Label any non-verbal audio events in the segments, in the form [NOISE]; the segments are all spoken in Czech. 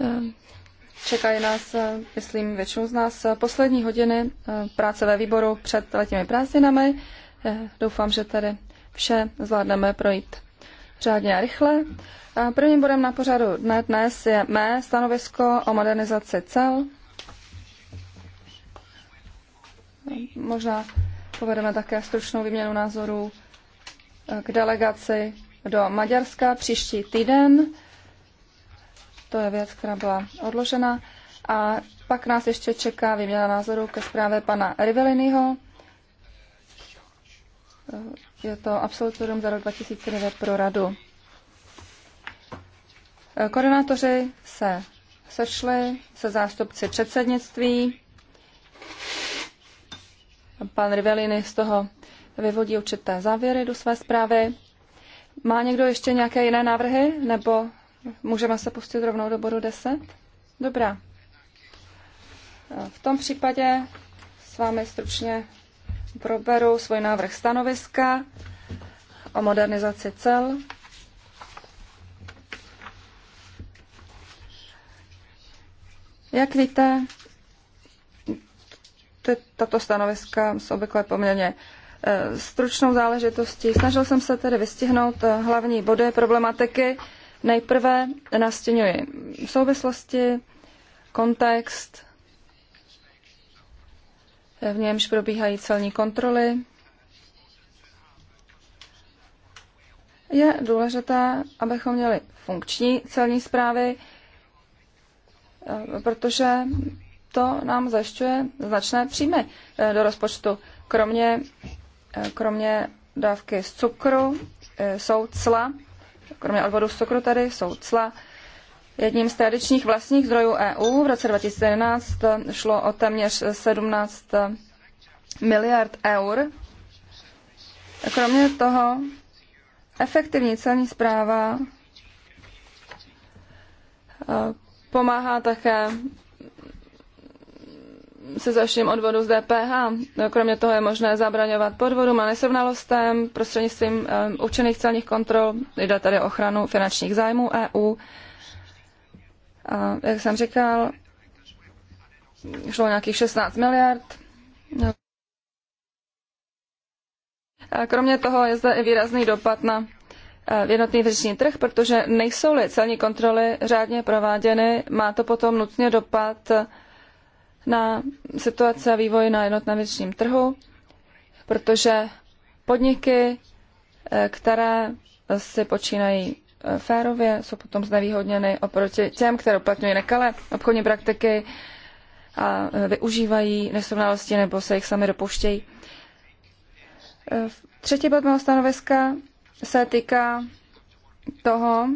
Ehm, čekají nás, eh, myslím, většinu z nás eh, poslední hodiny eh, práce ve výboru před letními prázdninami. Doufám, že tady vše zvládneme projít řádně a rychle. Prvním bodem na pořadu dne dnes je mé stanovisko o modernizaci cel. Ehm, možná povedeme také stručnou výměnu názorů k delegaci do Maďarska příští týden. To je věc, která byla odložena. A pak nás ještě čeká výměna názoru ke zprávě pana Riveliniho. Je to absolutorium za rok 2009 pro radu. Koordinátoři se sešli se zástupci předsednictví. Pan Rivelini z toho vyvodí určité závěry do své zprávy. Má někdo ještě nějaké jiné návrhy, nebo Můžeme se pustit rovnou do bodu 10? Dobrá. V tom případě s vámi stručně proberu svůj návrh stanoviska o modernizaci cel. Jak víte, tato stanoviska jsou obvykle poměrně eh, stručnou záležitostí. Snažil jsem se tedy vystihnout eh, hlavní body problematiky, Nejprve nastěňuji souvislosti, kontext, v němž probíhají celní kontroly. Je důležité, abychom měli funkční celní zprávy, eh, protože to nám zajišťuje značné příjmy eh, do rozpočtu. Kromě, eh, kromě dávky z cukru jsou cla, kromě odvodu z cukru tady jsou cla. Jedním z tradičních vlastních zdrojů EU v roce 2011 šlo o téměř 17 miliard eur. Kromě toho efektivní celní zpráva eh, pomáhá také se zaším odvodu z DPH. Kromě toho je možné zabraňovat podvodům a nesrovnalostem prostřednictvím určených celních kontrol. Jde tady o ochranu finančních zájmů EU. A jak jsem říkal, šlo nějakých 16 miliard. A kromě toho je zde i výrazný dopad na e, jednotný vnitřní trh, protože nejsou-li celní kontroly řádně prováděny, má to potom nutně dopad na situace a vývoj na jednotném vnitřním trhu, protože podniky, eh, které si počínají eh, férově, jsou potom znevýhodněny oproti těm, které uplatňují nekalé obchodní praktiky a eh, využívají nesrovnalosti nebo se jich sami dopouštějí. Třetí bod mého stanoviska se týká toho,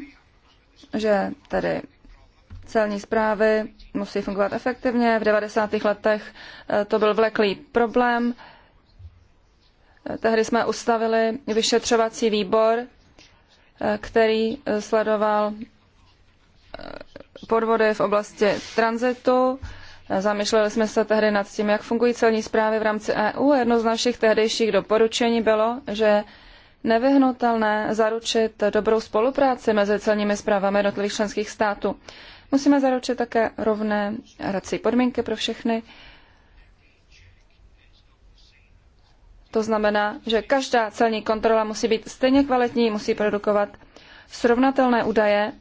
že tady celní zprávy musí fungovat efektivně. V 90. letech eh, to byl vleklý problém. Eh, tehdy jsme ustavili vyšetřovací výbor, eh, který sledoval podvody v oblasti tranzitu. Zamýšleli jsme se tehdy nad tím, jak fungují celní zprávy v rámci EU. Jedno z našich tehdejších doporučení bylo, že nevyhnutelné zaručit dobrou spolupráci mezi celními zprávami jednotlivých členských států. Musíme zaručit také rovné hrací podmínky pro všechny. To znamená, že každá celní kontrola musí být stejně kvalitní, musí produkovat srovnatelné údaje,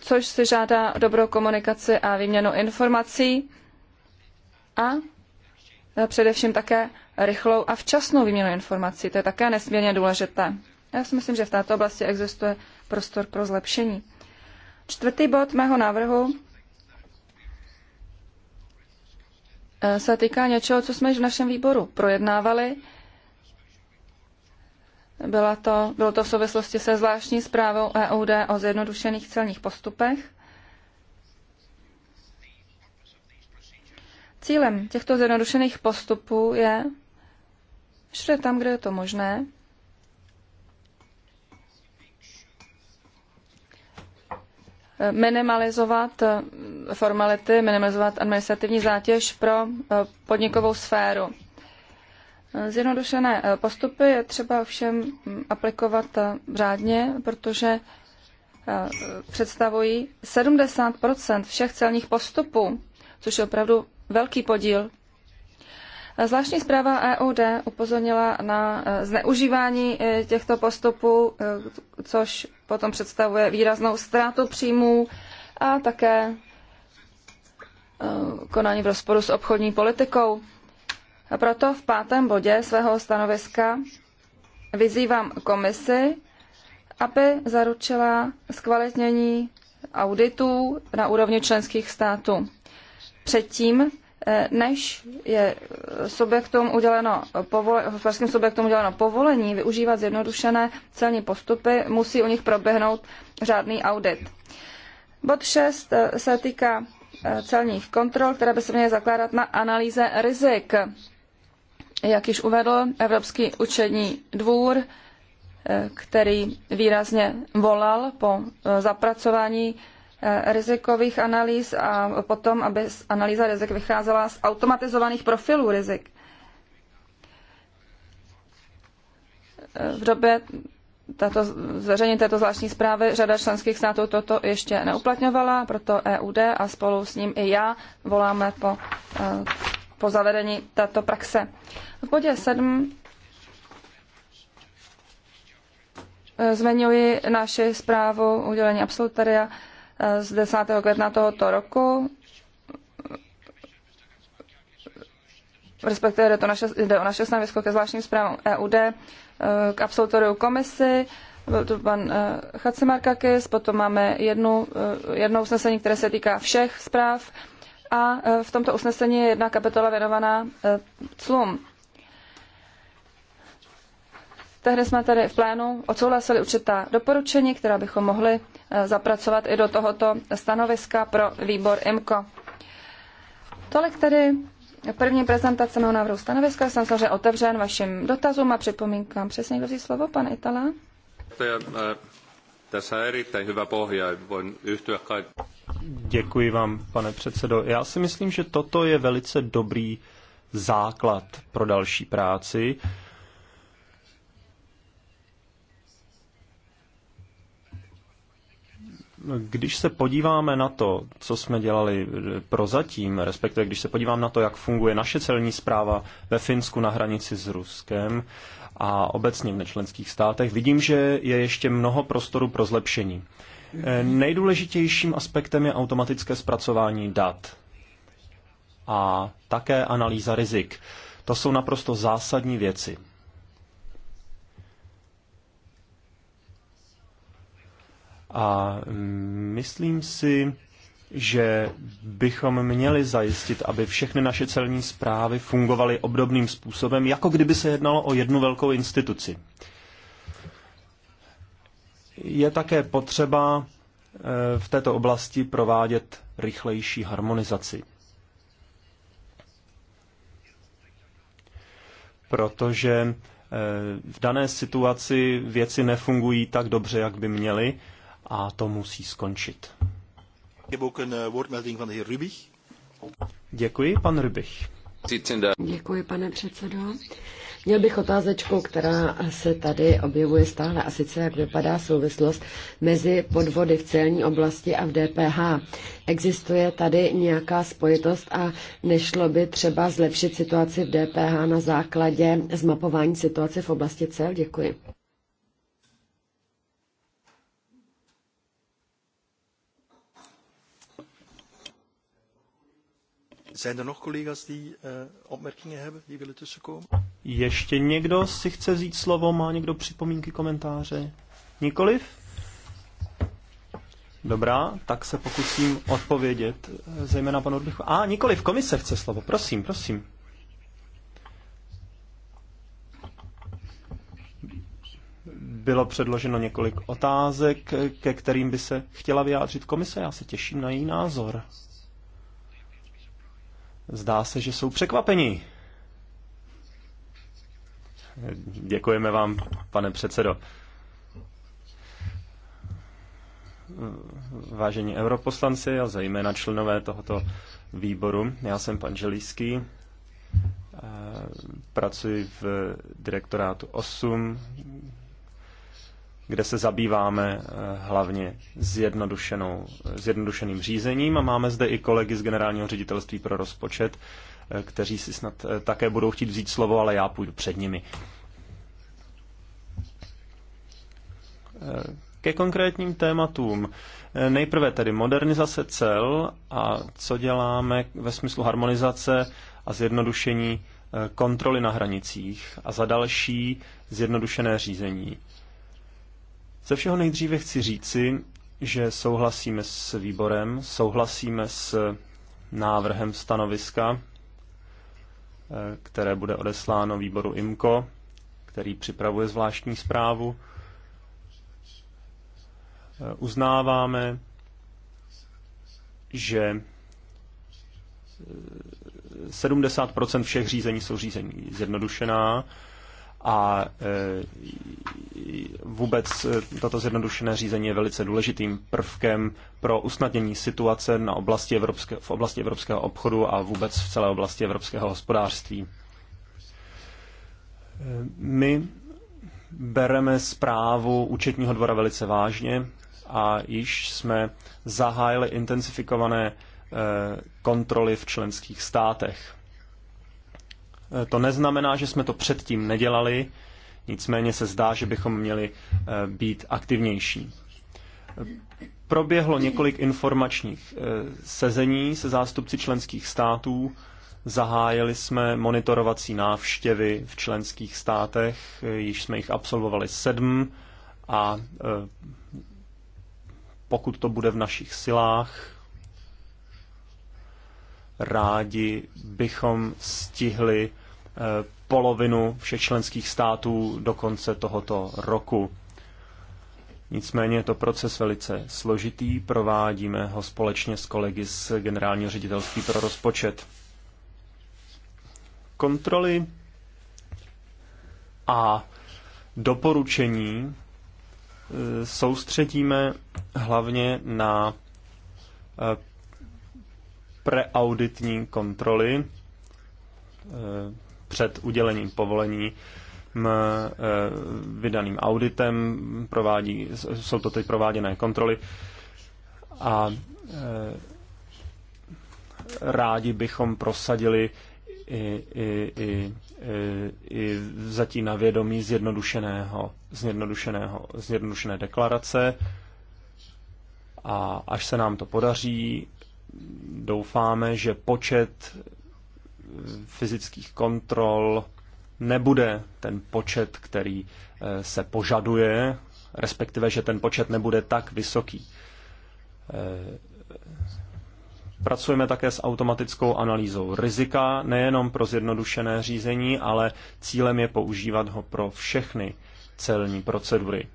což si žádá dobrou komunikaci a výměnu informací a především také rychlou a včasnou výměnu informací. To je také nesmírně důležité. Já si myslím, že v této oblasti existuje prostor pro zlepšení. Čtvrtý bod mého návrhu eh, se týká něčeho, co jsme již v našem výboru projednávali. Bylo to, bylo to v souvislosti se zvláštní zprávou EUD o zjednodušených celních postupech. Cílem těchto zjednodušených postupů je všude tam, kde je to možné, minimalizovat eh, formality, minimalizovat administrativní zátěž pro eh, podnikovou sféru. Eh, zjednodušené postupy je třeba ovšem hm, aplikovat řádně, protože představují 70 všech celních postupů, což je opravdu velký podíl. Zvláštní zpráva EUD upozornila na zneužívání těchto postupů což potom představuje výraznou ztrátu příjmů a také eh, konání v rozporu s obchodní politikou. A proto v pátém bodě svého stanoviska vyzývám komisi, aby zaručila zkvalitnění auditů na úrovni členských států. Předtím, Eh, než je subjektům uděleno povolení, subjektům uděleno povolení využívat zjednodušené celní postupy, musí u nich proběhnout řádný audit. Bod 6 eh, se týká eh, celních kontrol, které by se měly zakládat na analýze rizik. Jak již uvedl Evropský účetní dvůr, který výrazně volal po zapracování Eh, rizikových analýz a potom, aby analýza rizik vycházela z automatizovaných profilů rizik. Eh, v době tato, zveřejnění této zvláštní zprávy řada členských států toto ještě neuplatňovala, proto EUD a spolu s ním i já voláme po, eh, po zavedení této praxe. V bodě 7 zmenuji naši zprávu udělení absolutaria z 10. května tohoto roku. Respektive jde, to naše, jde o naše stanovisko ke zvláštním zprávám EUD eh, k absolutoriu komisy. Byl tu pan eh, Chacimarkakis, potom máme jednu, eh, jedno usnesení, které se týká všech zpráv a v tomto usnesení je jedna kapitola věnovaná clům. Tehdy jsme tady v plénu odsouhlasili určitá doporučení, která bychom mohli eh, zapracovat i do tohoto stanoviska pro výbor IMCO. Tolik tedy první prezentace mého návrhu stanoviska. Jsem samozřejmě otevřen vašim dotazům a připomínkám. Přesně někdo slovo, pan Itala? Eh, Děkuji vám, pane předsedo. Já si myslím, že toto je velice dobrý základ pro další práci Když se podíváme na to, co jsme dělali eh, prozatím, respektive když se podívám na to, jak funguje naše celní zpráva ve Finsku na hranici s Ruskem a obecně v nečlenských státech, vidím, že je ještě mnoho prostoru pro zlepšení. Eh, nejdůležitějším aspektem je automatické zpracování dat a také analýza rizik. To jsou naprosto zásadní věci. A myslím si, že bychom měli zajistit, aby všechny naše celní zprávy fungovaly obdobným způsobem, jako kdyby se jednalo o jednu velkou instituci. Je také potřeba eh, v této oblasti provádět rychlejší harmonizaci. Protože eh, v dané situaci věci nefungují tak dobře, jak by měly a to musí skončit. Eh, Děkuji, pan Rybich. Děkuji, pane předsedo. Měl bych otázečku, která se tady objevuje stále, a sice jak vypadá souvislost mezi podvody v celní oblasti a v DPH. Existuje tady nějaká spojitost a nešlo by třeba zlepšit situaci v DPH na základě zmapování situace v oblasti cel? Děkuji. Zijn er nog collega's die uh, opmerkingen hebben, die willen tussenkomen? Ještě někdo si chce vzít slovo? Má někdo připomínky, komentáře? Nikoliv? Dobrá, tak se pokusím odpovědět, eh, zejména panu Urbichu. A, nikoliv, komise chce slovo, prosím, prosím. Bylo předloženo několik otázek, eh, ke kterým by se chtěla vyjádřit komise. Já se těším na její názor. Zdá se, že jsou překvapeni. Děkujeme vám, pane předsedo. Vážení europoslanci a zejména členové tohoto výboru, já jsem pan Želíský, eh, pracuji v direktorátu 8 kde se zabýváme eh, hlavně zjednodušenou, zjednodušeným řízením a máme zde i kolegy z Generálního ředitelství pro rozpočet, eh, kteří si snad eh, také budou chtít vzít slovo, ale já půjdu před nimi. Ke konkrétním tématům. Nejprve tedy modernizace cel a co děláme ve smyslu harmonizace a zjednodušení kontroly na hranicích a za další zjednodušené řízení. Ze všeho nejdříve chci říci, že souhlasíme s výborem, souhlasíme s návrhem stanoviska, eh, které bude odesláno výboru IMCO, který připravuje zvláštní zprávu. Eh, uznáváme, že 70 eh, všech řízení jsou řízení zjednodušená a e, vůbec e, tato zjednodušené řízení je velice důležitým prvkem pro usnadnění situace na oblasti evropské, v oblasti evropského obchodu a vůbec v celé oblasti evropského hospodářství. E, my bereme zprávu účetního dvora velice vážně a již jsme zahájili intenzifikované kontroly v členských státech. Eh, to neznamená, že jsme to předtím nedělali, nicméně se zdá, že bychom měli eh, být aktivnější. Eh, proběhlo několik informačních sezení se zástupci členských států. Zahájili jsme monitorovací návštěvy v členských státech, již jsme jich absolvovali sedm a pokud to bude v našich silách, rádi bychom stihli Eh, polovinu všech členských států do konce tohoto roku. Nicméně je to proces velice složitý, provádíme ho společně s kolegy z Generálního ředitelství pro rozpočet. Kontroly a doporučení eh, soustředíme hlavně na eh, preauditní kontroly, před udělením povolení e, vydaným auditem, provádí, jsou to teď prováděné kontroly a e, rádi bychom prosadili i, i, i, i, i zatím na vědomí zjednodušeného, zjednodušeného, zjednodušené deklarace a až se nám to podaří, doufáme, že počet fyzických kontrol nebude ten počet, který eh, se požaduje, respektive, že ten počet nebude tak vysoký. Eh, pracujeme také s automatickou analýzou rizika, nejenom pro zjednodušené řízení, ale cílem je používat ho pro všechny celní procedury.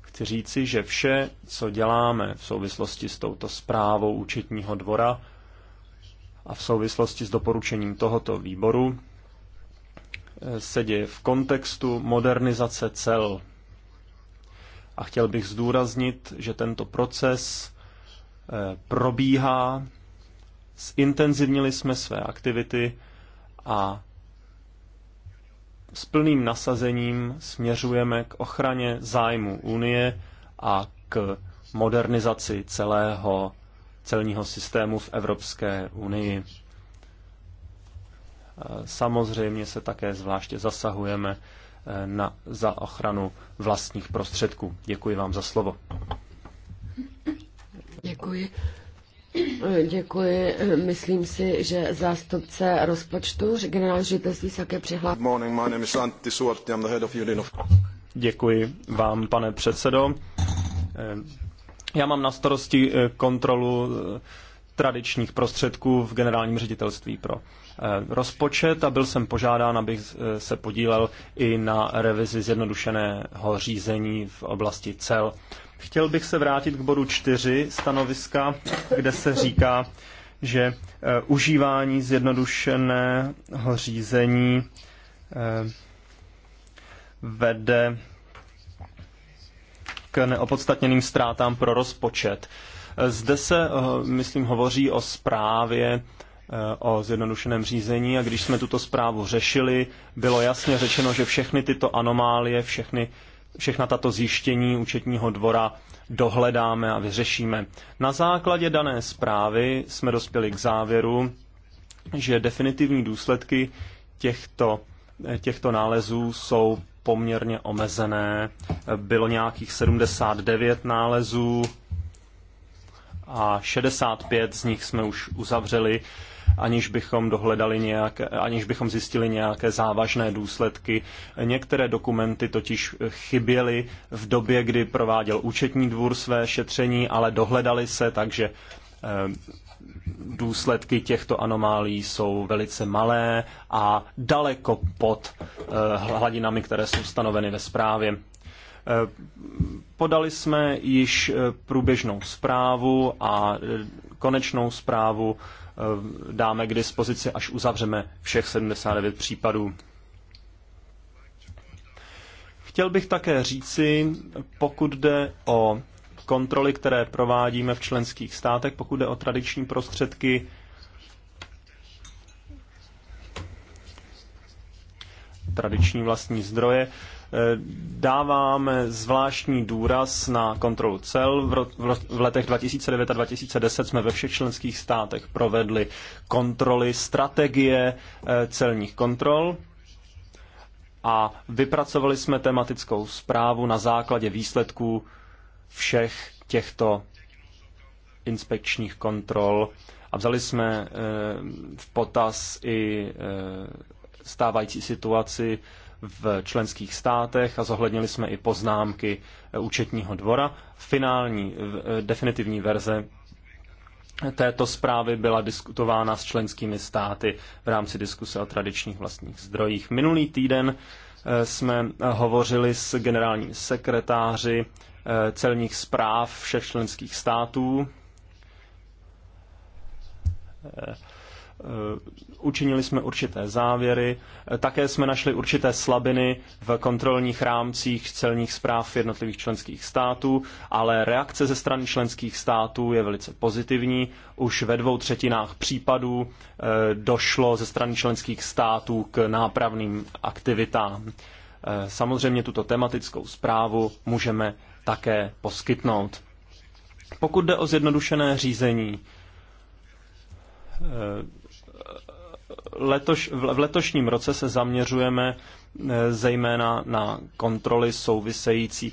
Chci říci, že vše, co děláme v souvislosti s touto zprávou účetního dvora, a v souvislosti s doporučením tohoto výboru eh, se děje v kontextu modernizace cel. A chtěl bych zdůraznit, že tento proces eh, probíhá, zintenzivnili jsme své aktivity a s plným nasazením směřujeme k ochraně zájmu Unie a k modernizaci celého celního systému v Evropské unii. Samozřejmě se také zvláště zasahujeme e, na, za ochranu vlastních prostředků. Děkuji vám za slovo. Děkuji. Děkuji. Myslím si, že zástupce rozpočtu, generální ředitelství také přihlásil. Děkuji vám, pane předsedo. Já mám na starosti eh, kontrolu eh, tradičních prostředků v generálním ředitelství pro eh, rozpočet a byl jsem požádán, abych se podílel i na revizi zjednodušeného řízení v oblasti cel. Chtěl bych se vrátit k bodu 4 stanoviska, kde se říká, že užívání zjednodušeného řízení vede k neopodstatněným ztrátám pro rozpočet. Zde se, eh, myslím, hovoří o zprávě eh, o zjednodušeném řízení a když jsme tuto zprávu řešili, bylo jasně řečeno, že všechny tyto anomálie, všechny, všechna tato zjištění účetního dvora dohledáme a vyřešíme. Na základě dané zprávy jsme dospěli k závěru, že definitivní důsledky těchto, eh, těchto nálezů jsou poměrně omezené. Bylo nějakých 79 nálezů a 65 z nich jsme už uzavřeli, aniž bychom dohledali nějaké, aniž bychom zjistili nějaké závažné důsledky. Některé dokumenty totiž chyběly v době, kdy prováděl účetní dvůr své šetření, ale dohledali se, takže eh, důsledky těchto anomálí jsou velice malé a daleko pod eh, hladinami, které jsou stanoveny ve zprávě. Eh, podali jsme již eh, průběžnou zprávu a konečnou zprávu dáme k dispozici, až uzavřeme všech 79 případů. Chtěl bych také říci, pokud jde o kontroly, které provádíme v členských státech, pokud jde o tradiční prostředky, tradiční vlastní zdroje, eh, dáváme zvláštní důraz na kontrolu cel. V letech 2009 a 2010 jsme ve všech členských státech provedli kontroly strategie eh, celních kontrol a vypracovali jsme tematickou zprávu na základě výsledků všech těchto inspekčních kontrol a vzali jsme eh, v potaz i eh, stávající situaci v členských státech a zohlednili jsme i poznámky eh, účetního dvora. Finální definitivní verze této zprávy byla diskutována s členskými státy v rámci diskuse o tradičních vlastních zdrojích. Minulý týden jsme hovořili s generálním sekretáři Eh, celních zpráv všech členských států. Eh, eh, učinili jsme určité závěry, také jsme našli určité slabiny v kontrolních rámcích celních zpráv jednotlivých členských států, ale reakce ze strany členských států je velice pozitivní. Už ve dvou třetinách případů došlo ze strany členských států k nápravným aktivitám. Samozřejmě tuto tematickou zprávu můžeme také poskytnout. Pokud jde o zjednodušené řízení, eh, letoš, v letošním roce se zaměřujeme eh, zejména na kontroly související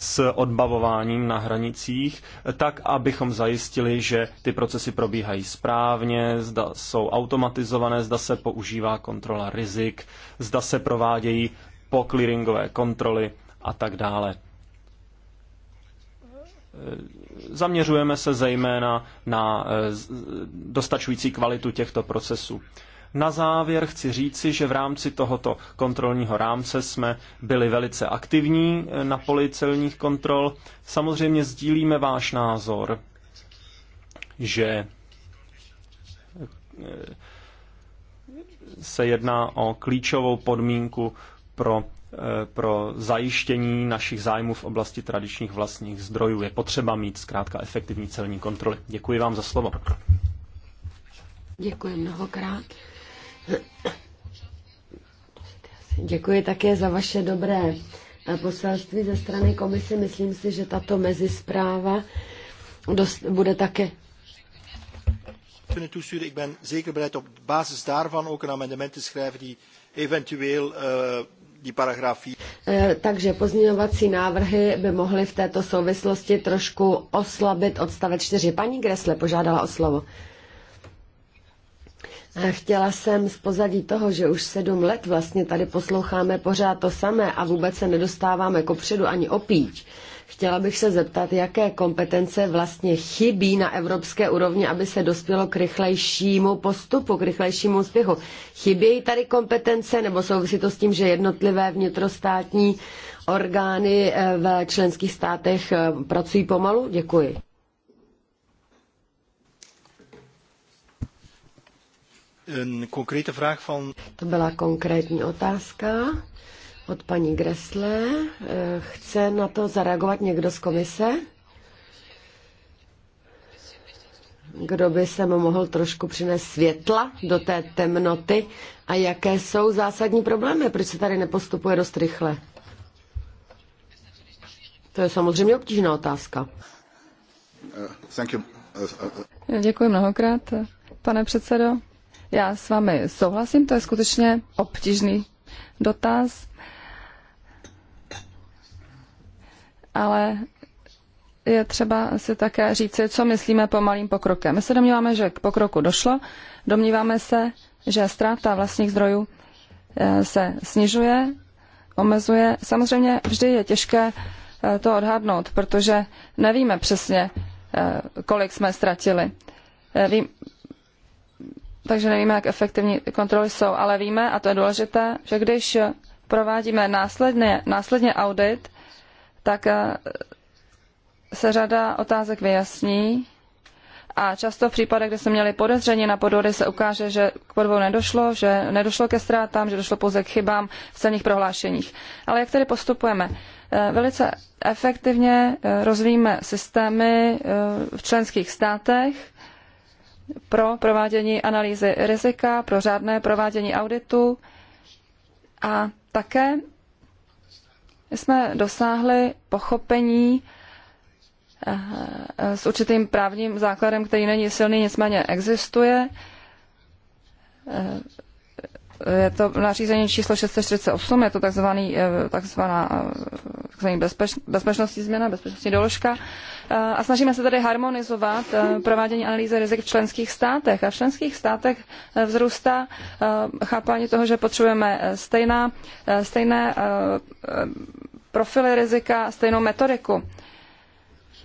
s odbavováním na hranicích, tak abychom zajistili, že ty procesy probíhají správně, zda jsou automatizované, zda se používá kontrola rizik, zda se provádějí po clearingové kontroly a tak dále. Zaměřujeme se zejména na e, dostačující kvalitu těchto procesů. Na závěr chci říci, že v rámci tohoto kontrolního rámce jsme byli velice aktivní e, na poli celních kontrol. Samozřejmě sdílíme váš názor, že e, se jedná o klíčovou podmínku pro, eh, pro zajištění našich zájmů v oblasti tradičních vlastních zdrojů. Je potřeba mít zkrátka efektivní celní kontroly. Děkuji vám za slovo. Děkuji mnohokrát. Děkuji také za vaše dobré eh, poselství ze strany komise. Myslím si, že tato mezispráva dost, bude také kunnen toesturen. Ik ben zeker bereid op basis daarvan ook een amendement te schrijven die eventueel uh, E, takže pozměňovací návrhy by mohly v této souvislosti trošku oslabit odstavec 4. Paní Gresle požádala o slovo. E, chtěla jsem z pozadí toho, že už sedm let vlastně tady posloucháme pořád to samé a vůbec se nedostáváme kopředu ani opíč. Chtěla bych se zeptat, jaké kompetence vlastně chybí na evropské úrovni, aby se dospělo k rychlejšímu postupu, k rychlejšímu úspěchu. Chybějí tady kompetence nebo souvisí to s tím, že jednotlivé vnitrostátní orgány eh, v členských státech eh, pracují pomalu? Děkuji. To byla konkrétní otázka od paní Gresle. Eh, chce na to zareagovat někdo z komise? Kdo by se mohl trošku přinést světla do té temnoty a jaké jsou zásadní problémy? Proč se tady nepostupuje dost rychle? To je samozřejmě obtížná otázka. Eh, eh, Děkuji mnohokrát, pane předsedo. Já s vámi souhlasím, to je skutečně obtížný dotaz. ale je třeba si také říci, co myslíme pomalým pokrokem. My se domníváme, že k pokroku došlo. Domníváme se, že ztráta vlastních zdrojů eh, se snižuje, omezuje. Samozřejmě vždy je těžké eh, to odhadnout, protože nevíme přesně, eh, kolik jsme ztratili. Vím, takže nevíme, jak efektivní kontroly jsou, ale víme, a to je důležité, že když provádíme následně, následně audit, tak eh, se řada otázek vyjasní a často v případech, kde se měli podezření na podvody, se ukáže, že k podvodu nedošlo, že nedošlo ke ztrátám, že došlo pouze k chybám v cených prohlášeních. Ale jak tedy postupujeme? Eh, velice efektivně eh, rozvíjíme systémy v členských státech pro provádění analýzy rizika, pro řádné provádění auditu a také jsme dosáhli pochopení eh, s určitým právním základem, který není silný, nicméně existuje. Eh, je to nařízení číslo 648, je to takzvaný, eh, takzvaná, eh, takzvaný bezpeč, bezpečnostní změna, bezpečnostní doložka. Eh, a snažíme se tady harmonizovat provádění analýzy rizik v členských státech. A v členských státech vzrůstá chápání toho, že potřebujeme stejná, stejné profily rizika, stejnou metodiku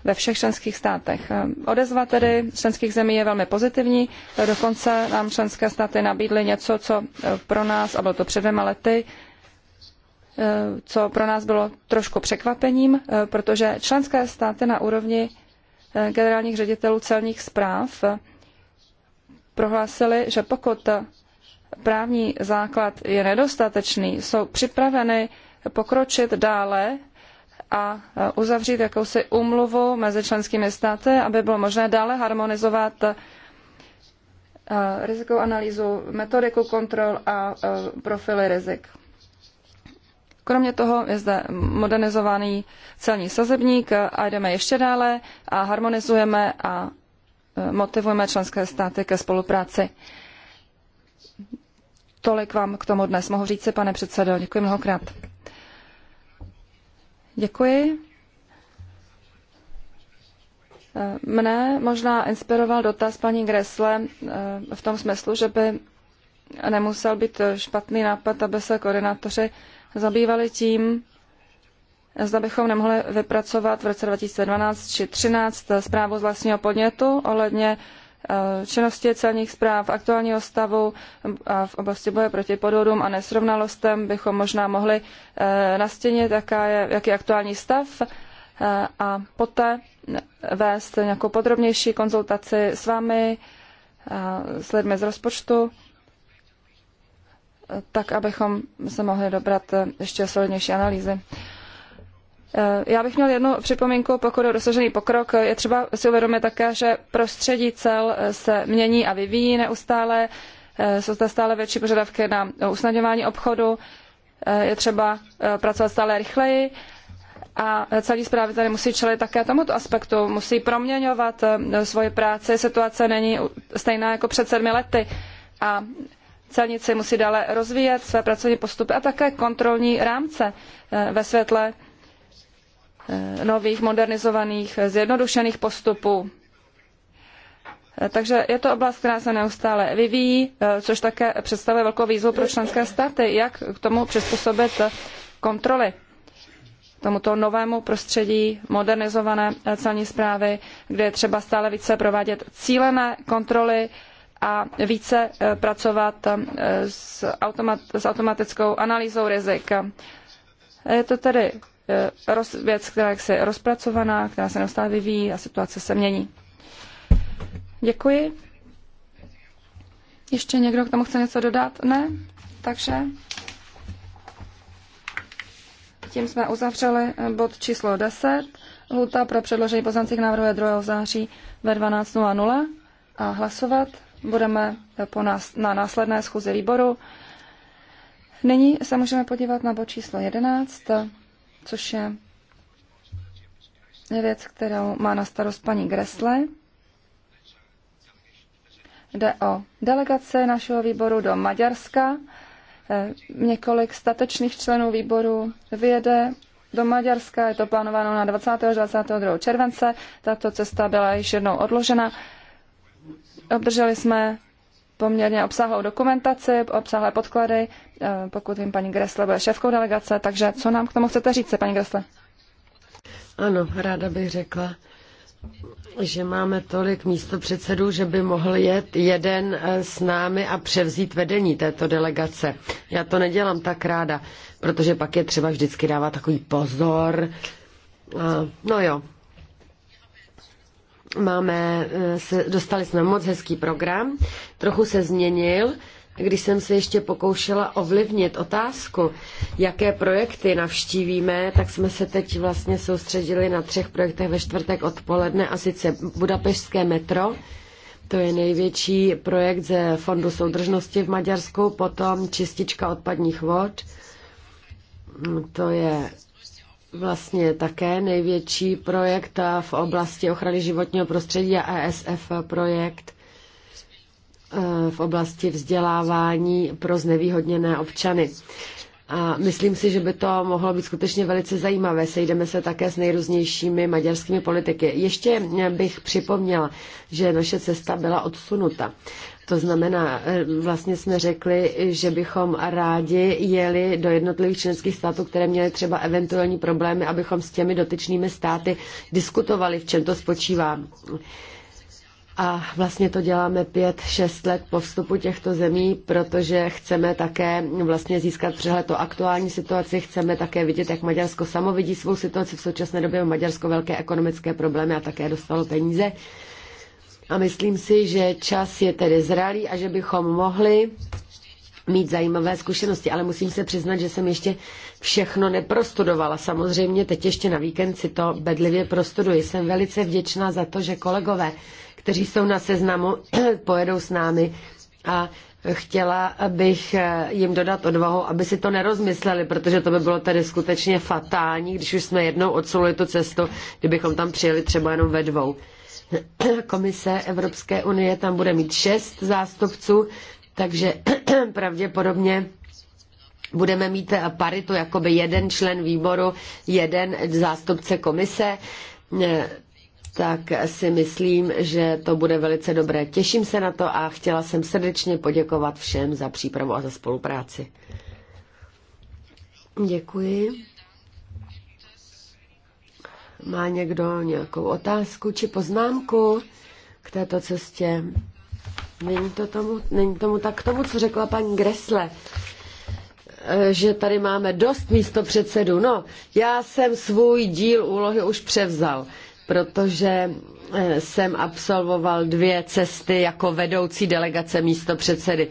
ve všech členských státech. Eh, odezva tedy členských zemí je velmi pozitivní, eh, dokonce nám členské státy nabídly něco, co eh, pro nás, a bylo to před dvěma lety, co pro nás bylo trošku překvapením, protože členské státy na úrovni generálních ředitelů celních zpráv prohlásili, že pokud právní základ je nedostatečný, jsou připraveny pokročit dále a uzavřít jakousi umluvu mezi členskými státy, aby bylo možné dále harmonizovat rizikovou analýzu, metodiku kontrol a profily rizik. Kromě toho je zde modernizovaný celní sazebník a jdeme ještě dále a harmonizujeme a motivujeme členské státy ke spolupráci. Tolik vám k tomu dnes mohu říct, pane předsedo. Děkuji mnohokrát. Děkuji. Mne možná inspiroval dotaz paní Gresle eh, v tom smyslu, že by nemusel být špatný nápad, aby se koordinátoři zabývali tím, zda bychom nemohli vypracovat v roce 2012 či 2013 zprávu z vlastního podnětu ohledně Eh, činnosti celních zpráv, aktuálního stavu eh, a v oblasti boje proti podvodům a nesrovnalostem bychom možná mohli eh, nastínit, jaká je, jaký je aktuální stav a poté vést nějakou podrobnější konzultaci s vámi, s lidmi z rozpočtu, tak abychom se mohli dobrat ještě solidnější analýzy. Eh, já bych měl jednu připomínku, pokud o dosažený pokrok. Je třeba si uvědomit také, že prostředí cel eh, se mění a vyvíjí neustále. Eh, jsou zde stále větší požadavky na usnadňování obchodu. Je třeba pracovat stále rychleji. A celní zprávy tady musí čelit také tomuto aspektu. Musí proměňovat svoji práci. Situace není stejná jako před sedmi lety. A celníci musí dále rozvíjet své pracovní postupy a také kontrolní rámce ve světle Eh, nových, modernizovaných, eh, zjednodušených postupů. Eh, takže je to oblast, která se neustále vyvíjí, což také představuje velkou výzvu pro členské státy, jak k tomu přizpůsobit kontroly tomuto novému prostředí modernizované celní zprávy, kde je třeba stále více provádět cílené kontroly a více pracovat s, automat, s automatickou analýzou rizik. Je to tedy Eh, roz, věc, která je jaksi rozpracovaná, která se neustále vyvíjí a situace se mění. Děkuji. Ještě někdo k tomu chce něco dodat? Ne? Takže tím jsme uzavřeli eh, bod číslo 10. Lhuta pro předložení poznancích návrhu je 2. září ve 12.00 a hlasovat budeme po nás, na následné schůzi výboru. Nyní se můžeme podívat na bod číslo 11 což je věc, kterou má na starost paní Gressle. Jde o delegace našeho výboru do Maďarska. Eh, několik statečných členů výboru vyjede do Maďarska. Je to plánováno na 20. až 22. července. Tato cesta byla již jednou odložena. Obdrželi jsme poměrně obsáhlou dokumentaci, obsáhlé podklady. Eh, pokud vím, paní Gresle bude šéfkou delegace, takže co nám k tomu chcete říct, paní Gresle? Ano, ráda bych řekla, že máme tolik místo předsedů, že by mohl jet jeden eh, s námi a převzít vedení této delegace. Já to nedělám tak ráda, protože pak je třeba vždycky dávat takový pozor. No jo, Máme, eh, se, dostali jsme moc hezký program, trochu se změnil, když jsem se ještě pokoušela ovlivnit otázku, jaké projekty navštívíme, tak jsme se teď vlastně soustředili na třech projektech ve čtvrtek odpoledne, a sice Budapešské metro, to je největší projekt ze Fondu soudržnosti v Maďarsku, potom čistička odpadních vod, to je vlastně také největší projekt v oblasti ochrany životního prostředí a ESF projekt eh, v oblasti vzdělávání pro znevýhodněné občany. A myslím si, že by to mohlo být skutečně velice zajímavé. Sejdeme se také s nejrůznějšími maďarskými politiky. Ještě bych připomněla, že naše cesta byla odsunuta. To znamená, eh, vlastně jsme řekli, že bychom rádi jeli do jednotlivých členských států, které měly třeba eventuální problémy, abychom s těmi dotyčnými státy diskutovali, v čem to spočívá. A vlastně to děláme pět, šest let po vstupu těchto zemí, protože chceme také vlastně získat přehled o aktuální situaci, chceme také vidět, jak Maďarsko samo vidí svou situaci. V současné době Maďarsko velké ekonomické problémy a také dostalo peníze. A myslím si, že čas je tedy zralý a že bychom mohli mít zajímavé zkušenosti, ale musím se přiznat, že jsem ještě všechno neprostudovala. Samozřejmě teď ještě na víkend si to bedlivě prostuduji. Jsem velice vděčná za to, že kolegové kteří jsou na seznamu, [CLEARS THROAT] pojedou s námi a chtěla bych eh, jim dodat odvahu, aby si to nerozmysleli, protože to by bylo tady skutečně fatální, když už jsme jednou odsunuli tu cestu, kdybychom tam přijeli třeba jenom ve dvou. [CLEARS THROAT] Komise Evropské unie tam bude mít šest zástupců, takže [CLEARS THROAT] pravděpodobně budeme mít paritu, jakoby jeden člen výboru, jeden zástupce komise tak si myslím, že to bude velice dobré. Těším se na to a chtěla jsem srdečně poděkovat všem za přípravu a za spolupráci. Děkuji. Má někdo nějakou otázku či poznámku k této cestě? Není, to tomu, není tomu tak k tomu, co řekla paní Gresle že tady máme dost místo předsedu. No, já jsem svůj díl úlohy už převzal protože eh, jsem absolvoval dvě cesty jako vedoucí delegace místo předsedy.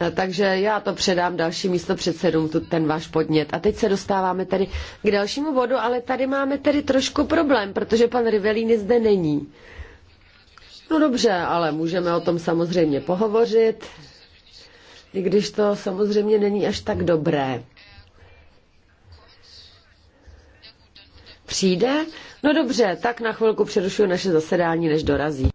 Eh, takže já to předám další místo předsedům, ten váš podnět. A teď se dostáváme tedy k dalšímu bodu, ale tady máme tedy trošku problém, protože pan Rivelíny zde není. No dobře, ale můžeme o tom samozřejmě pohovořit, i když to samozřejmě není až tak dobré. Přijde? No dobře, tak na chvilku přerušuju naše zasedání, než dorazí.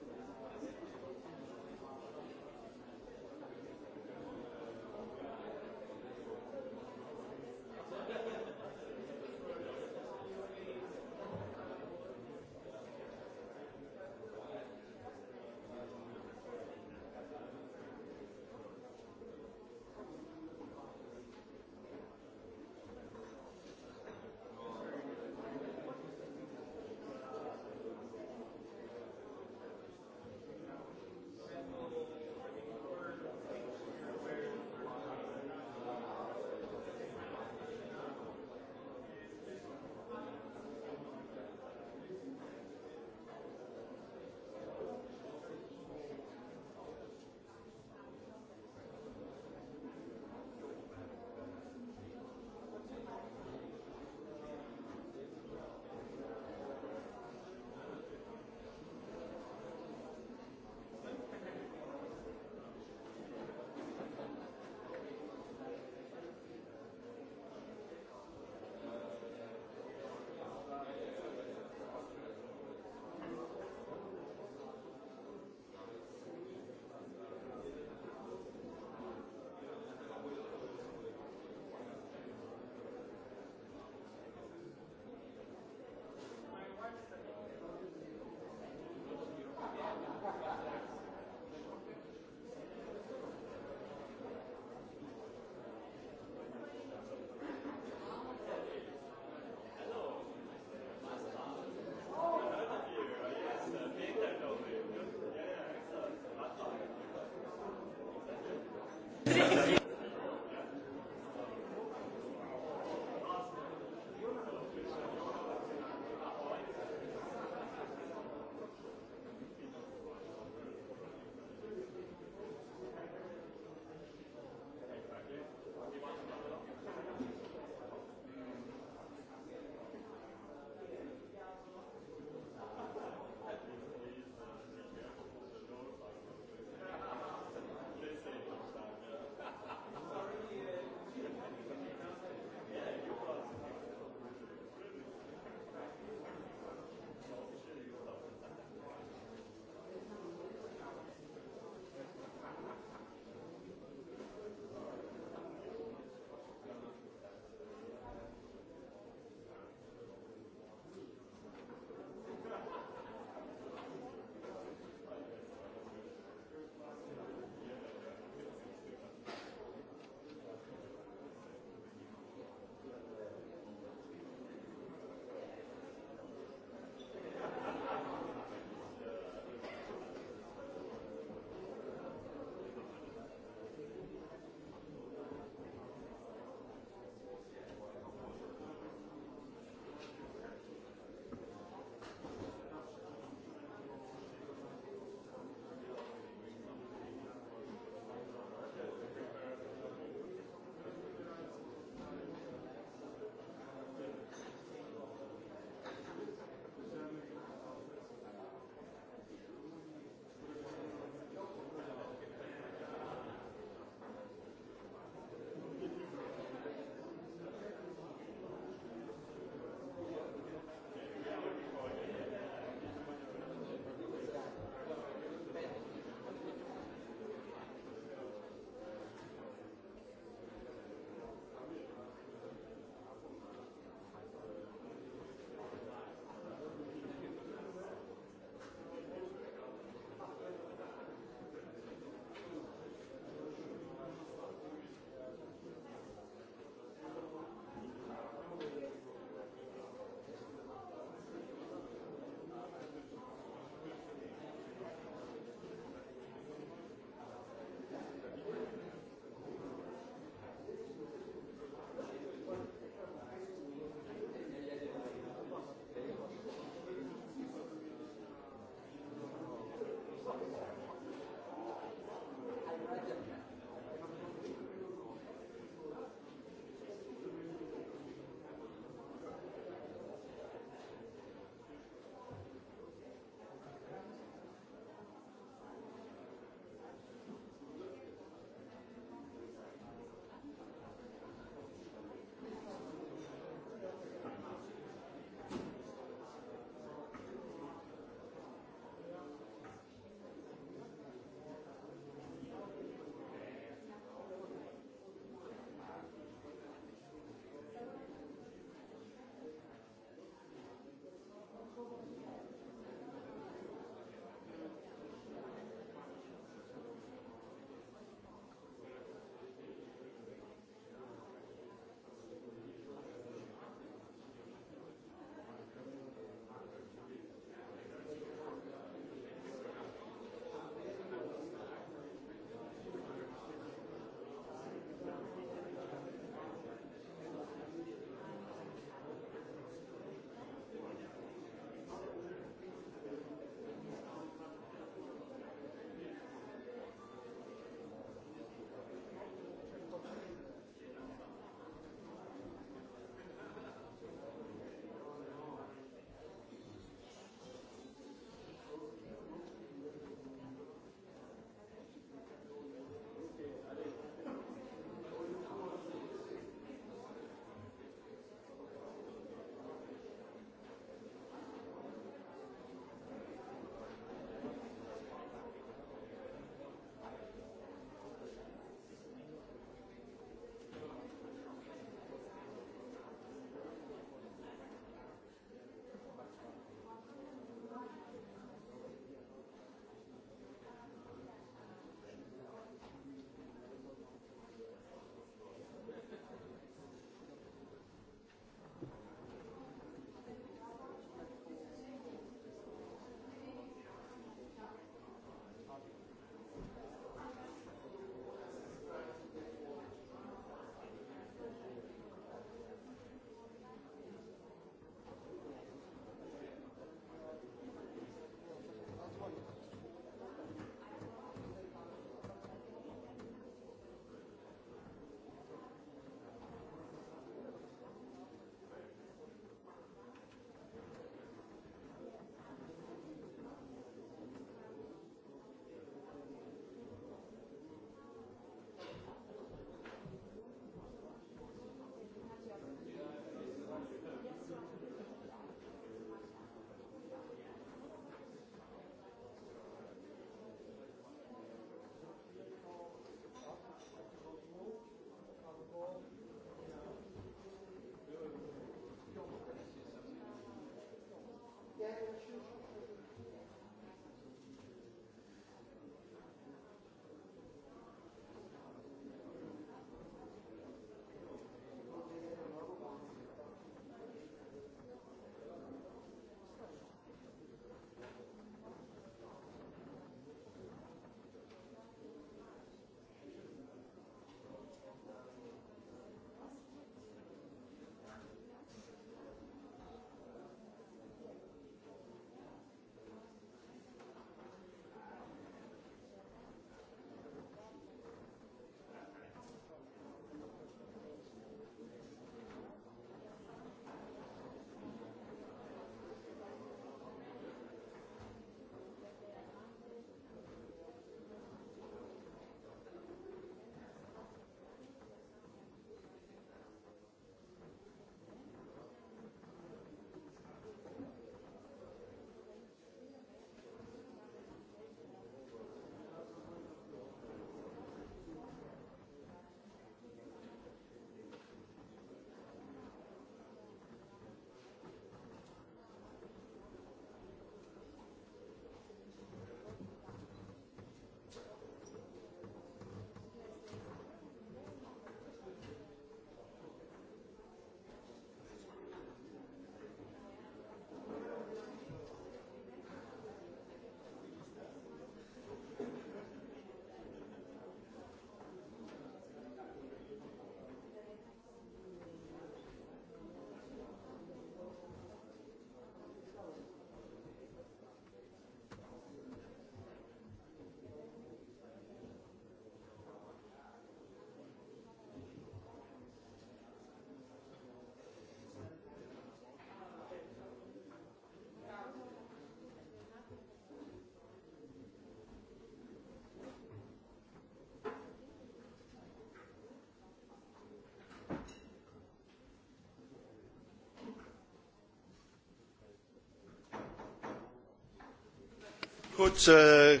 Eh,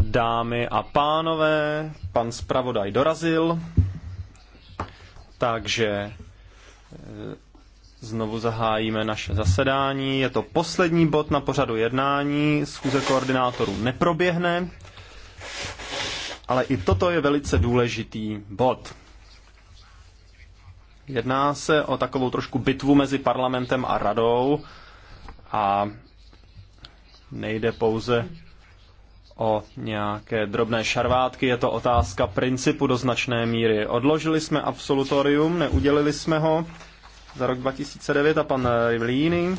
Dámy a pánové, pan zpravodaj dorazil, takže eh, znovu zahájíme naše zasedání. Je to poslední bod na pořadu jednání, schůze koordinátorů neproběhne, ale i toto je velice důležitý bod. Jedná se o takovou trošku bitvu mezi parlamentem a radou a Nejde pouze o nějaké drobné šarvátky, je to otázka principu do značné míry. Odložili jsme absolutorium, neudělili jsme ho za rok 2009 a pan Rivlíny,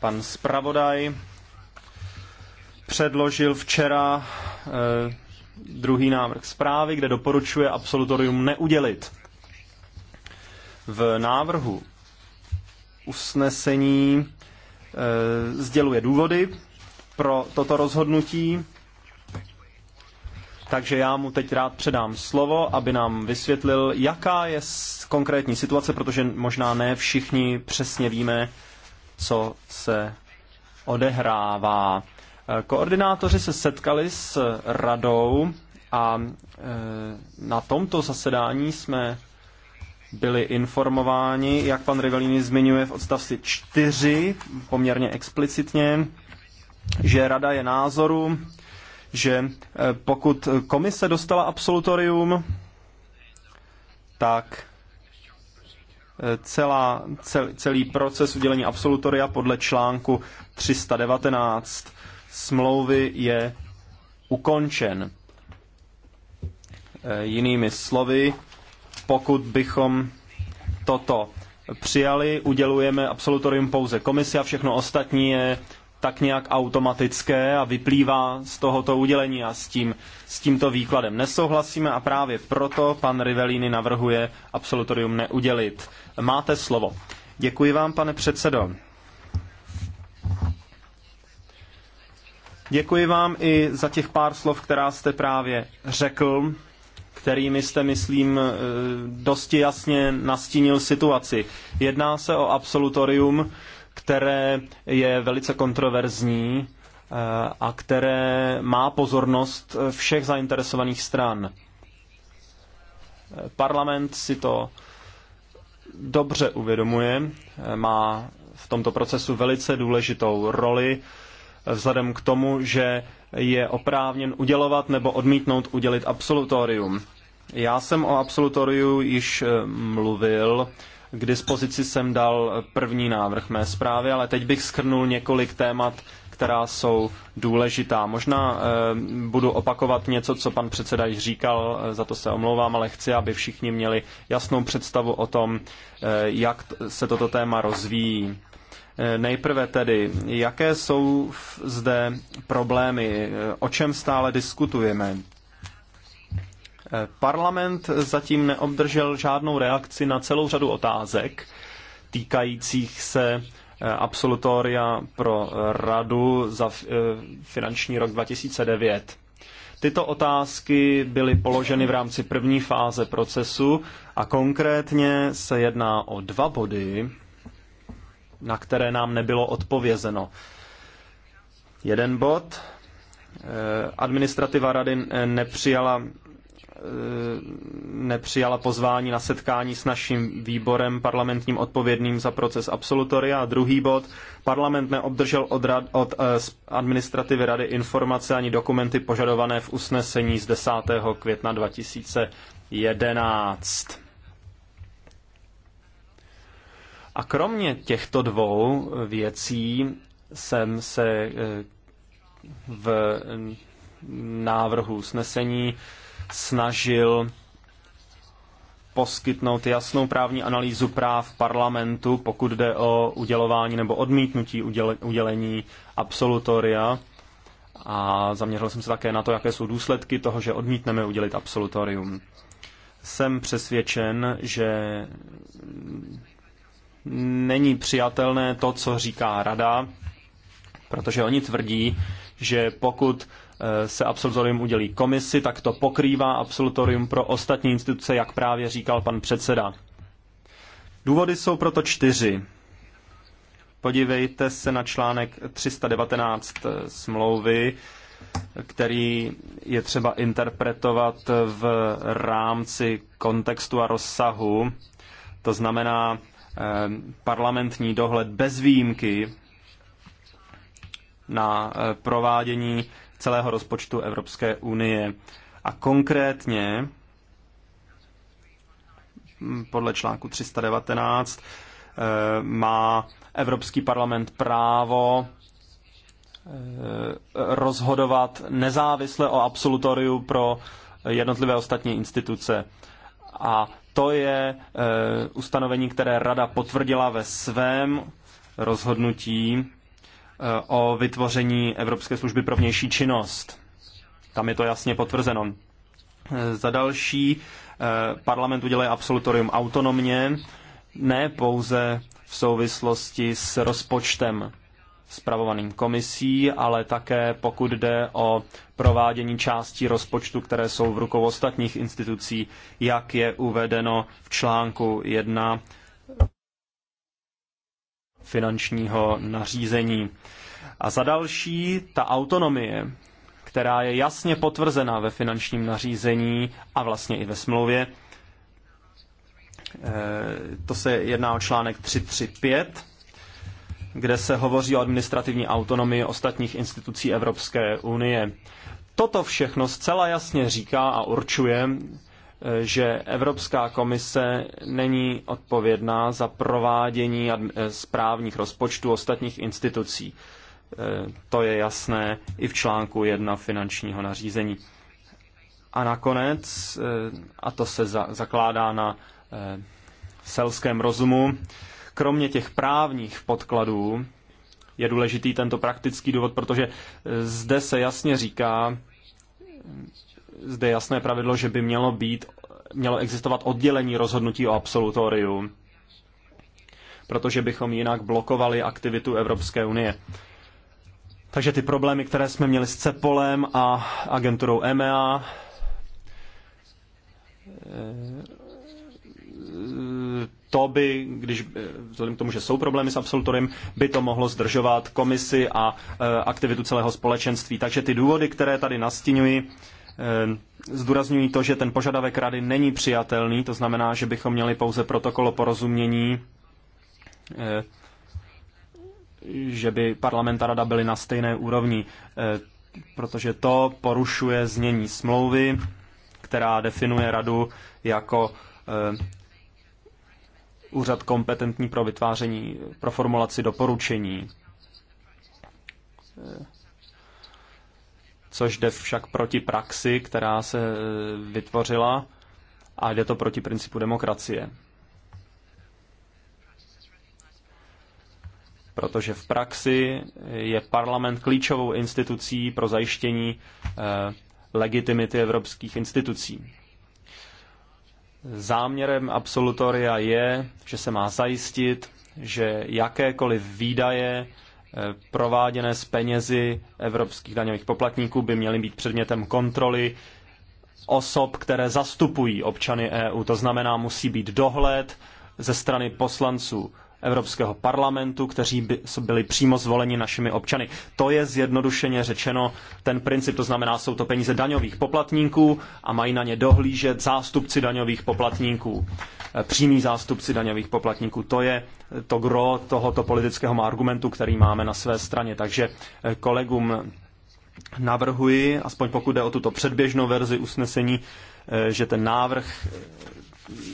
pan zpravodaj, předložil včera eh, druhý návrh zprávy, kde doporučuje absolutorium neudělit. V návrhu usnesení eh, sděluje důvody, pro toto rozhodnutí. Takže já mu teď rád předám slovo, aby nám vysvětlil, jaká je konkrétní situace, protože možná ne všichni přesně víme, co se odehrává. Koordinátoři se setkali s radou a e, na tomto zasedání jsme byli informováni, jak pan Rivelini zmiňuje v odstavci 4 poměrně explicitně, že rada je názoru, že eh, pokud komise dostala absolutorium, tak eh, celá, cel, celý proces udělení absolutoria podle článku 319 smlouvy je ukončen. Eh, jinými slovy, pokud bychom toto přijali, udělujeme absolutorium pouze komisi a všechno ostatní je tak nějak automatické a vyplývá z tohoto udělení a s, tím, s tímto výkladem nesouhlasíme a právě proto pan Rivelini navrhuje absolutorium neudělit. Máte slovo. Děkuji vám, pane předsedo. Děkuji vám i za těch pár slov, která jste právě řekl, kterými jste, myslím, eh, dosti jasně nastínil situaci. Jedná se o absolutorium, které je velice kontroverzní eh, a které má pozornost všech zainteresovaných stran. Parlament si to dobře uvědomuje, eh, má v tomto procesu velice důležitou roli eh, vzhledem k tomu, že je oprávněn udělovat nebo odmítnout udělit absolutorium. Já jsem o absolutoriu již mluvil k dispozici jsem dal první návrh mé zprávy, ale teď bych skrnul několik témat, která jsou důležitá. Možná eh, budu opakovat něco, co pan předseda již říkal, eh, za to se omlouvám, ale chci, aby všichni měli jasnou představu o tom, eh, jak se toto téma rozvíjí. Nejprve tedy, jaké jsou zde problémy, o čem stále diskutujeme, Parlament zatím neobdržel žádnou reakci na celou řadu otázek týkajících se eh, absolutoria pro radu za eh, finanční rok 2009. Tyto otázky byly položeny v rámci první fáze procesu a konkrétně se jedná o dva body, na které nám nebylo odpovězeno. Jeden bod. Eh, administrativa rady nepřijala Eh, nepřijala pozvání na setkání s naším výborem parlamentním odpovědným za proces absolutoria. A druhý bod, parlament neobdržel od, rad, od eh, administrativy rady informace ani dokumenty požadované v usnesení z 10. května 2011. A kromě těchto dvou věcí jsem se eh, v návrhu usnesení snažil poskytnout jasnou právní analýzu práv parlamentu, pokud jde o udělování nebo odmítnutí udělení absolutoria. A zaměřil jsem se také na to, jaké jsou důsledky toho, že odmítneme udělit absolutorium. Jsem přesvědčen, že není přijatelné to, co říká rada, protože oni tvrdí, že pokud Eh, se absolutorium udělí komisi, tak to pokrývá absolutorium pro ostatní instituce, jak právě říkal pan předseda. Důvody jsou proto čtyři. Podívejte se na článek 319 eh, smlouvy, který je třeba interpretovat v rámci kontextu a rozsahu. To znamená eh, parlamentní dohled bez výjimky na provádění celého rozpočtu Evropské unie. A konkrétně hm, podle článku 319 eh, má Evropský parlament právo eh, rozhodovat nezávisle o absolutoriu pro jednotlivé ostatní instituce. A to je eh, ustanovení, které Rada potvrdila ve svém rozhodnutí Eh, o vytvoření Evropské služby pro vnější činnost. Tam je to jasně potvrzeno. Eh, za další, eh, parlament udělá absolutorium autonomně, ne pouze v souvislosti s rozpočtem spravovaným komisí, ale také pokud jde o provádění částí rozpočtu, které jsou v rukou ostatních institucí, jak je uvedeno v článku 1 finančního nařízení. A za další, ta autonomie, která je jasně potvrzená ve finančním nařízení a vlastně i ve smlouvě, eh, to se jedná o článek 335, kde se hovoří o administrativní autonomii ostatních institucí Evropské unie. Toto všechno zcela jasně říká a určuje, že Evropská komise není odpovědná za provádění eh, správních rozpočtů ostatních institucí. Eh, to je jasné i v článku 1 finančního nařízení. A nakonec, eh, a to se za, zakládá na selském rozumu, kromě těch právních podkladů je důležitý tento praktický důvod, protože zde se jasně říká, zde jasné pravidlo, že by mělo být, mělo existovat oddělení rozhodnutí o absolutoriu, protože bychom jinak blokovali aktivitu Evropské unie. Takže ty problémy, které jsme měli s CEPOLem a agenturou EMEA, eh, to by, když, eh, vzhledem k tomu, že jsou problémy s absolutorem, by to mohlo zdržovat komisi a eh, aktivitu celého společenství. Takže ty důvody, které tady nastiňuji, Eh, zdůrazňují to, že ten požadavek rady není přijatelný, to znamená, že bychom měli pouze protokol o porozumění, eh, že by parlament a rada byly na stejné úrovni, eh, protože to porušuje znění smlouvy, která definuje radu jako úřad kompetentní pro vytváření, pro formulaci doporučení což jde však proti praxi, která se e, vytvořila a jde to proti principu demokracie. Protože v praxi je parlament klíčovou institucí pro zajištění e, legitimity evropských institucí. Záměrem absolutoria je, že se má zajistit, že jakékoliv výdaje Eh, prováděné s penězi evropských daňových poplatníků by měly být předmětem kontroly osob, které zastupují občany EU. To znamená, musí být dohled ze strany poslanců Evropského parlamentu, kteří by, byli přímo zvoleni našimi občany. To je zjednodušeně řečeno ten princip, to znamená, jsou to peníze daňových poplatníků a mají na ně dohlížet zástupci daňových poplatníků, e, přímí zástupci daňových poplatníků. To je to gro tohoto politického argumentu, který máme na své straně. Takže e, kolegům navrhuji, aspoň pokud jde o tuto předběžnou verzi usnesení, e, že ten návrh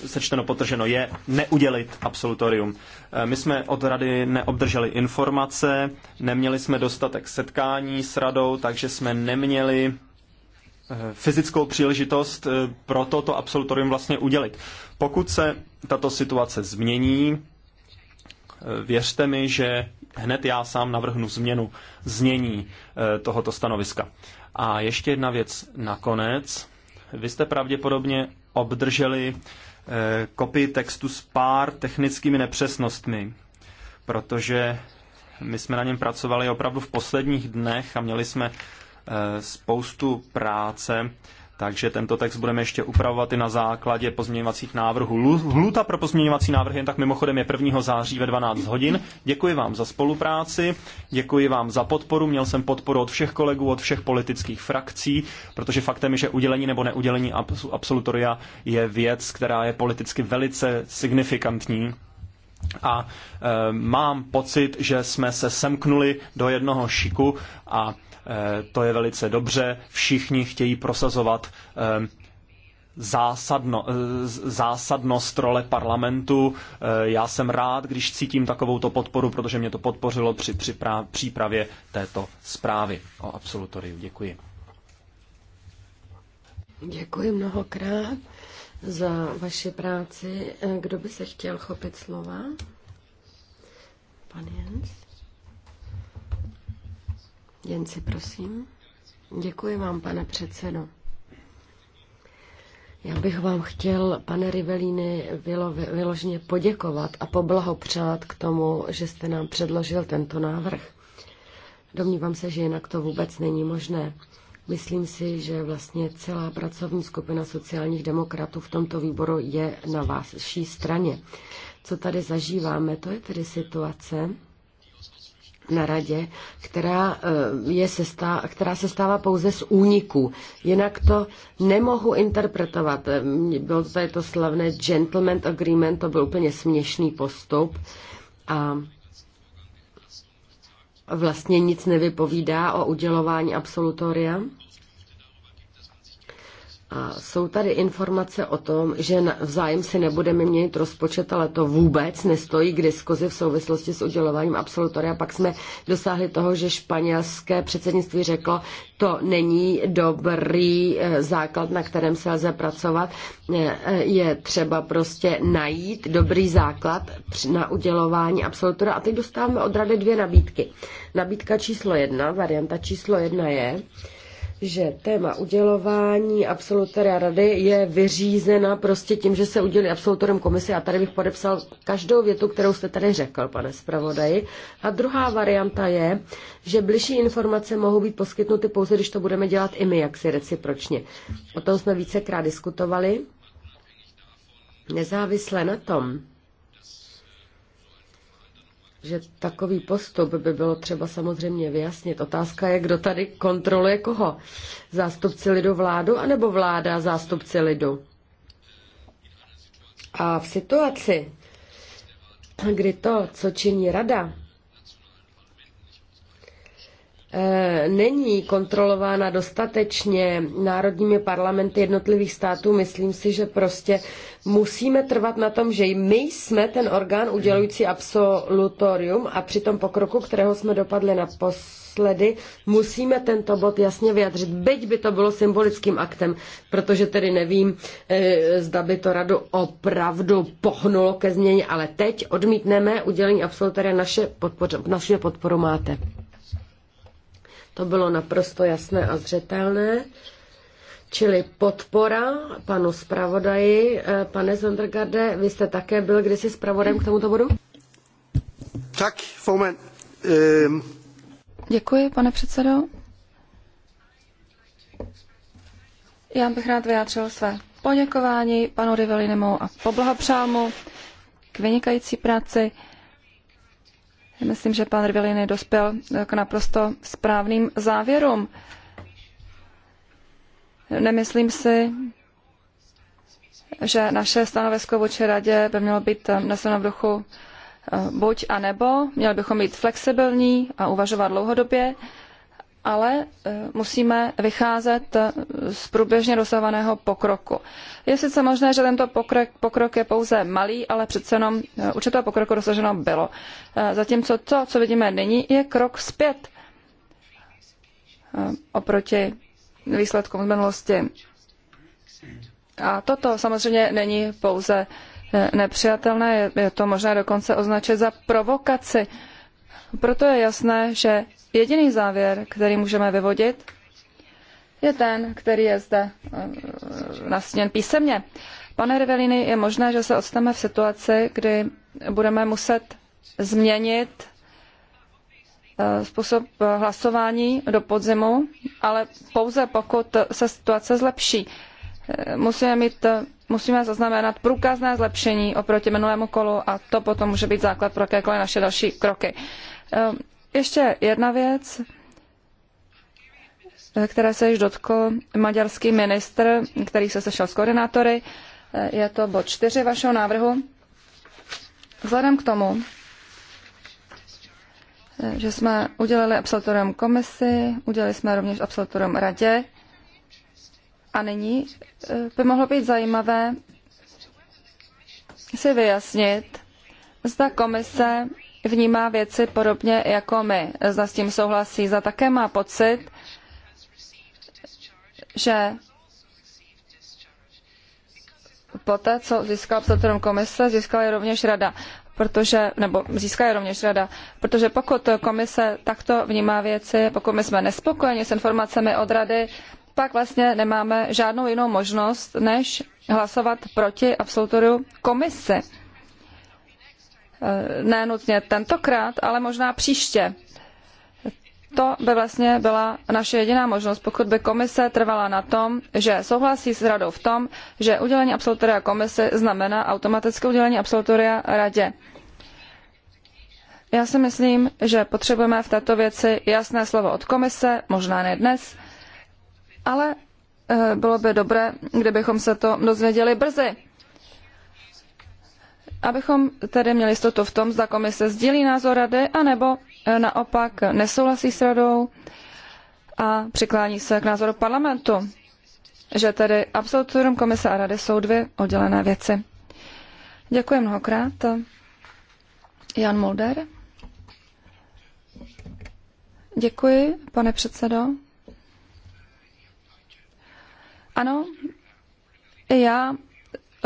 sečteno potrženo je neudělit absolutorium. Eh, my jsme od rady neobdrželi informace, neměli jsme dostatek setkání s radou, takže jsme neměli eh, fyzickou příležitost eh, pro toto absolutorium vlastně udělit. Pokud se tato situace změní, věřte mi, že hned já sám navrhnu změnu znění tohoto stanoviska. A ještě jedna věc nakonec. Vy jste pravděpodobně obdrželi Eh, kopii textu s pár technickými nepřesnostmi, protože my jsme na něm pracovali opravdu v posledních dnech a měli jsme eh, spoustu práce takže tento text budeme ještě upravovat i na základě pozměňovacích návrhů. Hluta pro pozměňovací návrhy jen tak mimochodem je 1. září ve 12 hodin. Děkuji vám za spolupráci, děkuji vám za podporu. Měl jsem podporu od všech kolegů, od všech politických frakcí, protože faktem je, že udělení nebo neudělení absolutoria je věc, která je politicky velice signifikantní. A e, mám pocit, že jsme se semknuli do jednoho šiku a Eh, to je velice dobře. Všichni chtějí prosazovat eh, zásadno, eh, zásadnost role parlamentu. Já jsem rád, když cítím takovouto podporu, protože mě to podpořilo při přípravě této zprávy o absolutoriu. Děkuji. Děkuji mnohokrát za vaši práci. Kdo by se chtěl chopit slova? Pan Jens. Jenci, prosím. Děkuji vám, pane předsedo. Já bych vám chtěl, pane Rivelíny, vyložně poděkovat a poblahopřát k tomu, že jste nám předložil tento návrh. Domnívám se, že jinak to vůbec není možné. Myslím si, že vlastně celá pracovní skupina sociálních demokratů v tomto výboru je na vaší straně. Co tady zažíváme, to je tedy situace, na radě, která, eh, je sestá, která se stává pouze z úniků. Jinak to nemohu interpretovat. Eh, bylo to tady to slavné gentleman agreement, to byl úplně směšný postup. A vlastně nic nevypovídá o udělování absolutoria. A jsou tady informace o tom, že vzájem si nebudeme měnit rozpočet, ale to vůbec nestojí k diskuzi v souvislosti s udělováním absolutoria. Pak jsme dosáhli toho, že španělské předsednictví řeklo, to není dobrý eh, základ, na kterém se lze pracovat. Eh, eh, je třeba prostě najít dobrý základ na udělování absolutora. A teď dostáváme od rady dvě nabídky. Nabídka číslo jedna, varianta číslo jedna je, že téma udělování absolutoria rady je vyřízena prostě tím, že se udělí absolutorem komise. A tady bych podepsal každou větu, kterou jste tady řekl, pane zpravodaji. A druhá varianta je, že bližší informace mohou být poskytnuty pouze, když to budeme dělat i my, jaksi recipročně. O tom jsme vícekrát diskutovali. Nezávisle na tom, že takový postup by bylo třeba samozřejmě vyjasnit. Otázka je, kdo tady kontroluje koho. Zástupci lidu vládu, anebo vláda zástupci lidu? A v situaci, kdy to, co činí rada, E, není kontrolována dostatečně národními parlamenty jednotlivých států, myslím si, že prostě musíme trvat na tom, že my jsme ten orgán udělující absolutorium a při tom pokroku, kterého jsme dopadli naposledy, musíme tento bod jasně vyjadřit, byť by to bylo symbolickým aktem, protože tedy nevím, e, zda by to radu opravdu pohnulo ke změně, ale teď odmítneme udělení absolutoria, naše naše podporu máte. To bylo naprosto jasné a zřetelné. Čili podpora panu zpravodaji. Eh, pane Zondergarde, vy jste také byl kdysi zpravodem k tomuto bodu? Tak, Fomen. Um... Děkuji, pane předsedo. Já bych rád vyjádřil své poděkování panu Rivelinemu a poblahopřál mu k vynikající práci. Myslím, že pan Rviliny dospěl eh, k naprosto správným závěrům. Nemyslím si, že naše stanovisko vůči radě by mělo být eh, neseno v duchu eh, buď a nebo. Měli bychom být flexibilní a uvažovat dlouhodobě ale eh, musíme vycházet eh, z průběžně dosahovaného pokroku. Je sice možné, že tento pokrok, pokrok je pouze malý, ale přece jenom eh, určitého pokroku dosaženo bylo. Zatímco to, co vidíme nyní, je krok zpět oproti výsledkům z minulosti. A toto samozřejmě není pouze nepřijatelné, je to možné dokonce označit za provokaci. Proto je jasné, že Jediný závěr, který můžeme vyvodit, je ten, který je zde eh, nasněn písemně. Pane Rivelini, je možné, že se odstaneme v situaci, kdy budeme muset změnit eh, způsob hlasování do podzimu, ale pouze pokud se situace zlepší. Eh, musíme, mít, musíme zaznamenat průkazné zlepšení oproti minulému kolu a to potom může být základ pro jakékoliv naše další kroky ještě jedna věc, které se již dotkl maďarský ministr, který se sešel s koordinátory. Je to bod 4 vašeho návrhu. Vzhledem k tomu, že jsme udělali absolutorium komisi, udělali jsme rovněž absolutorium radě a nyní eh, by mohlo být zajímavé si vyjasnit, zda komise vnímá věci podobně jako my. Zda s tím souhlasí, za také má pocit, že poté, co získal absolutorium komise, získala je rovněž rada protože, nebo získá je rovněž rada, protože pokud komise takto vnímá věci, pokud my jsme nespokojeni s informacemi od rady, pak vlastně nemáme žádnou jinou možnost, než hlasovat proti absolutoriu komise. Eh, ne nutně tentokrát, ale možná příště. To by vlastně byla naše jediná možnost, pokud by komise trvala na tom, že souhlasí s radou v tom, že udělení absolutoria komise znamená automatické udělení absolutoria radě. Já si myslím, že potřebujeme v této věci jasné slovo od komise, možná ne dnes, ale eh, bylo by dobré, kdybychom se to dozvěděli brzy abychom tedy měli jistotu v tom, zda komise sdílí názor rady, anebo eh, naopak nesouhlasí s radou a přiklání se k názoru parlamentu, že tedy absolutorium komise a rady jsou dvě oddělené věci. Děkuji mnohokrát. Jan Mulder. Děkuji, pane předsedo. Ano, já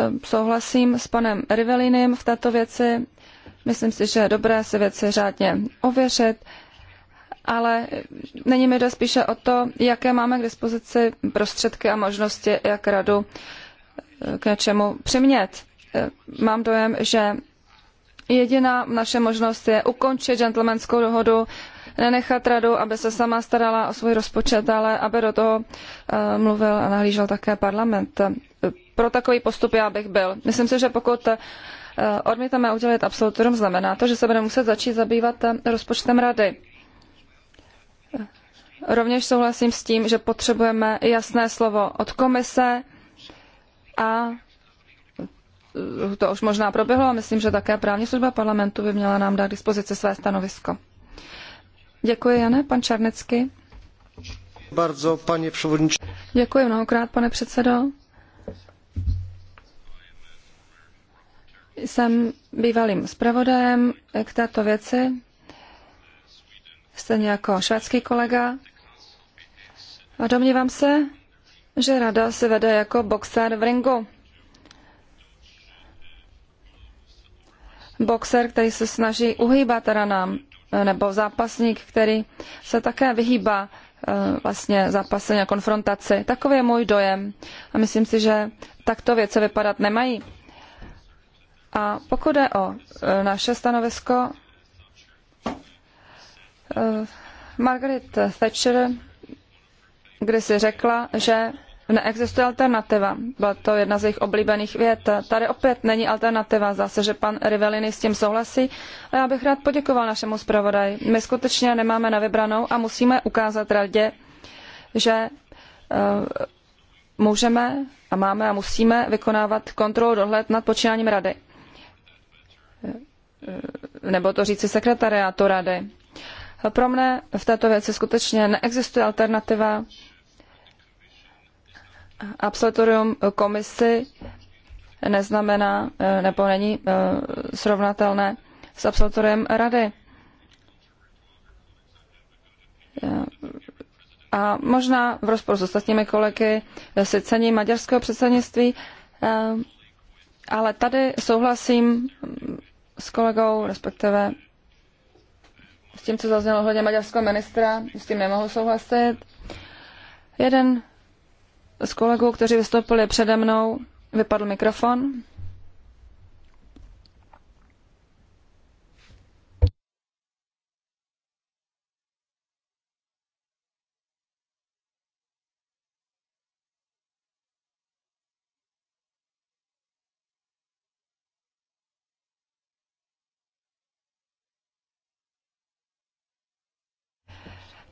Ehm, souhlasím s panem Rivelinem v této věci. Myslím si, že je dobré si věci řádně ověřit, ale není mi jde spíše o to, jaké máme k dispozici prostředky a možnosti, jak radu eh, k něčemu přimět. Ehm, mám dojem, že jediná naše možnost je ukončit gentlemanskou dohodu, nenechat radu, aby se sama starala o svůj rozpočet, ale aby do toho eh, mluvil a nahlížel také parlament. Pro takový postup já bych byl. Myslím si, že pokud eh, odmítáme udělit absolutorium, znamená to, že se budeme muset začít zabývat eh, rozpočtem rady. Rovněž souhlasím s tím, že potřebujeme jasné slovo od komise a to už možná proběhlo a myslím, že také právní služba parlamentu by měla nám dát k dispozici své stanovisko. Děkuji, Jane. Pan Čarnecky. Bardzo, paní převodnič... Děkuji mnohokrát, pane předsedo. Jsem bývalým zpravodajem k této věci, stejně jako švédský kolega. A domnívám se, že rada se vede jako boxer v ringu. Boxer, který se snaží uhýbat ranám Eh, nebo zápasník, který se také vyhýbá eh, vlastně zápasení a konfrontaci. Takový je můj dojem a myslím si, že takto věce vypadat nemají. A pokud je o eh, naše stanovisko, Margaret Thatcher kdysi řekla, že neexistuje alternativa. Byla to jedna z jejich oblíbených vět. Tady opět není alternativa. Zase, že pan Rivelini s tím souhlasí. A já bych rád poděkoval našemu zpravodaji. My skutečně nemáme na vybranou a musíme ukázat radě, že eh, můžeme a máme a musíme vykonávat kontrolu dohled nad počínáním rady. Eh, nebo to říci sekretariátu rady. Pro mne v této věci skutečně neexistuje alternativa absolutorium komisi neznamená eh, nebo není eh, srovnatelné s absolutoriem rady. Eh, a možná v rozporu s ostatními kolegy si cení maďarského předsednictví, ale tady souhlasím s kolegou, respektive s tím, co zaznělo ohledně maďarského ministra, s tím nemohu souhlasit. Jeden z kolegů, kteří vystoupili přede mnou, vypadl mikrofon.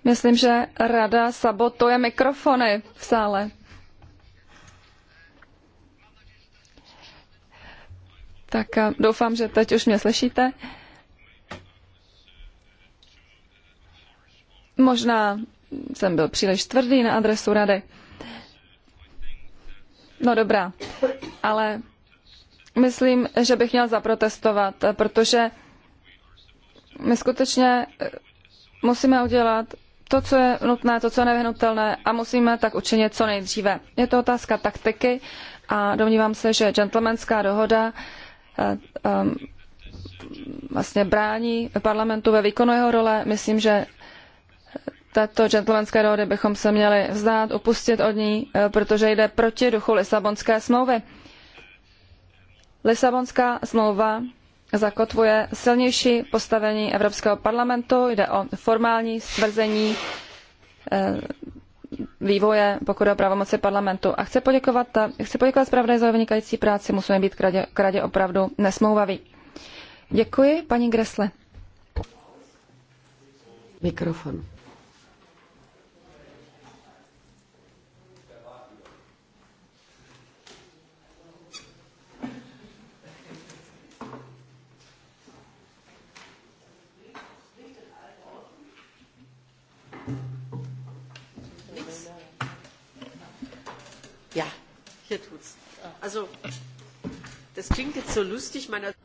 Myslím, že rada sabotuje mikrofony v sále. Tak doufám, že teď už mě slyšíte. Možná jsem byl příliš tvrdý na adresu rady. No dobrá, ale myslím, že bych měl zaprotestovat, protože my skutečně eh, musíme udělat to, co je nutné, to, co je nevyhnutelné a musíme tak učinit co nejdříve. Je to otázka taktiky a domnívám se, že gentlemanská dohoda vlastně brání parlamentu ve výkonu jeho role. Myslím, že této gentlemanské dohody bychom se měli vzdát, upustit od ní, e, protože jde proti duchu Lisabonské smlouvy. Lisabonská smlouva zakotvuje silnější postavení Evropského parlamentu, jde o formální stvrzení e, vývoje, pokud o pravomoci parlamentu. A chci poděkovat, chci poděkovat zpravodaj za vynikající práci, musíme být k radě, k radě opravdu nesmouvaví. Děkuji, paní Gresle. Mikrofon.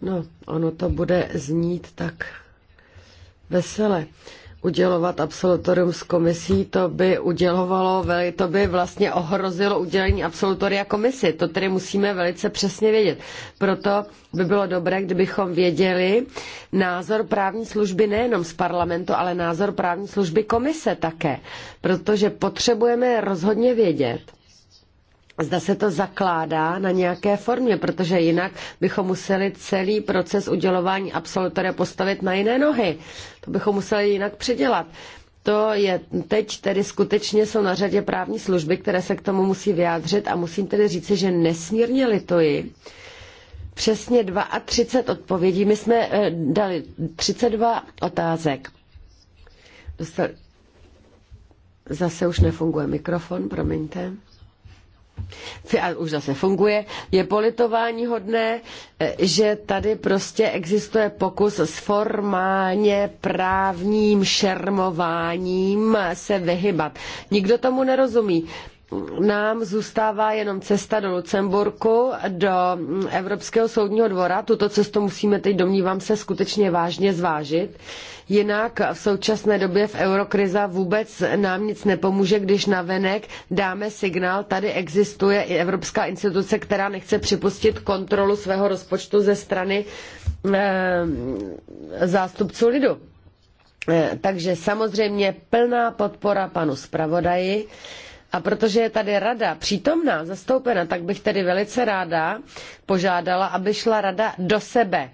No, ono to bude znít tak vesele. Udělovat absolutorium s komisí, to by udělovalo, to by vlastně ohrozilo udělení absolutoria komisi. To tedy musíme velice přesně vědět. Proto by bylo dobré, kdybychom věděli názor právní služby nejenom z parlamentu, ale názor právní služby komise také. Protože potřebujeme rozhodně vědět, zda se to zakládá na nějaké formě, protože jinak bychom museli celý proces udělování absolutoria postavit na jiné nohy. To bychom museli jinak předělat. To je teď tedy skutečně jsou na řadě právní služby, které se k tomu musí vyjádřit a musím tedy říci, že nesmírně lituji. Přesně 32 odpovědí. My jsme eh, dali 32 otázek. Dostali... Zase už nefunguje mikrofon, promiňte a už zase funguje, je politování hodné, eh, že tady prostě existuje pokus s formálně právním šermováním se vyhybat. Nikdo tomu nerozumí nám zůstává jenom cesta do Lucemburku, do Evropského soudního dvora. Tuto cestu musíme teď, domnívám se, skutečně vážně zvážit. Jinak v současné době v eurokriza vůbec nám nic nepomůže, když navenek dáme signál, tady existuje i Evropská instituce, která nechce připustit kontrolu svého rozpočtu ze strany eh, zástupců lidu. Eh, takže samozřejmě plná podpora panu zpravodaji. A protože je tady rada přítomná, zastoupena, tak bych tedy velice ráda požádala, aby šla rada do sebe.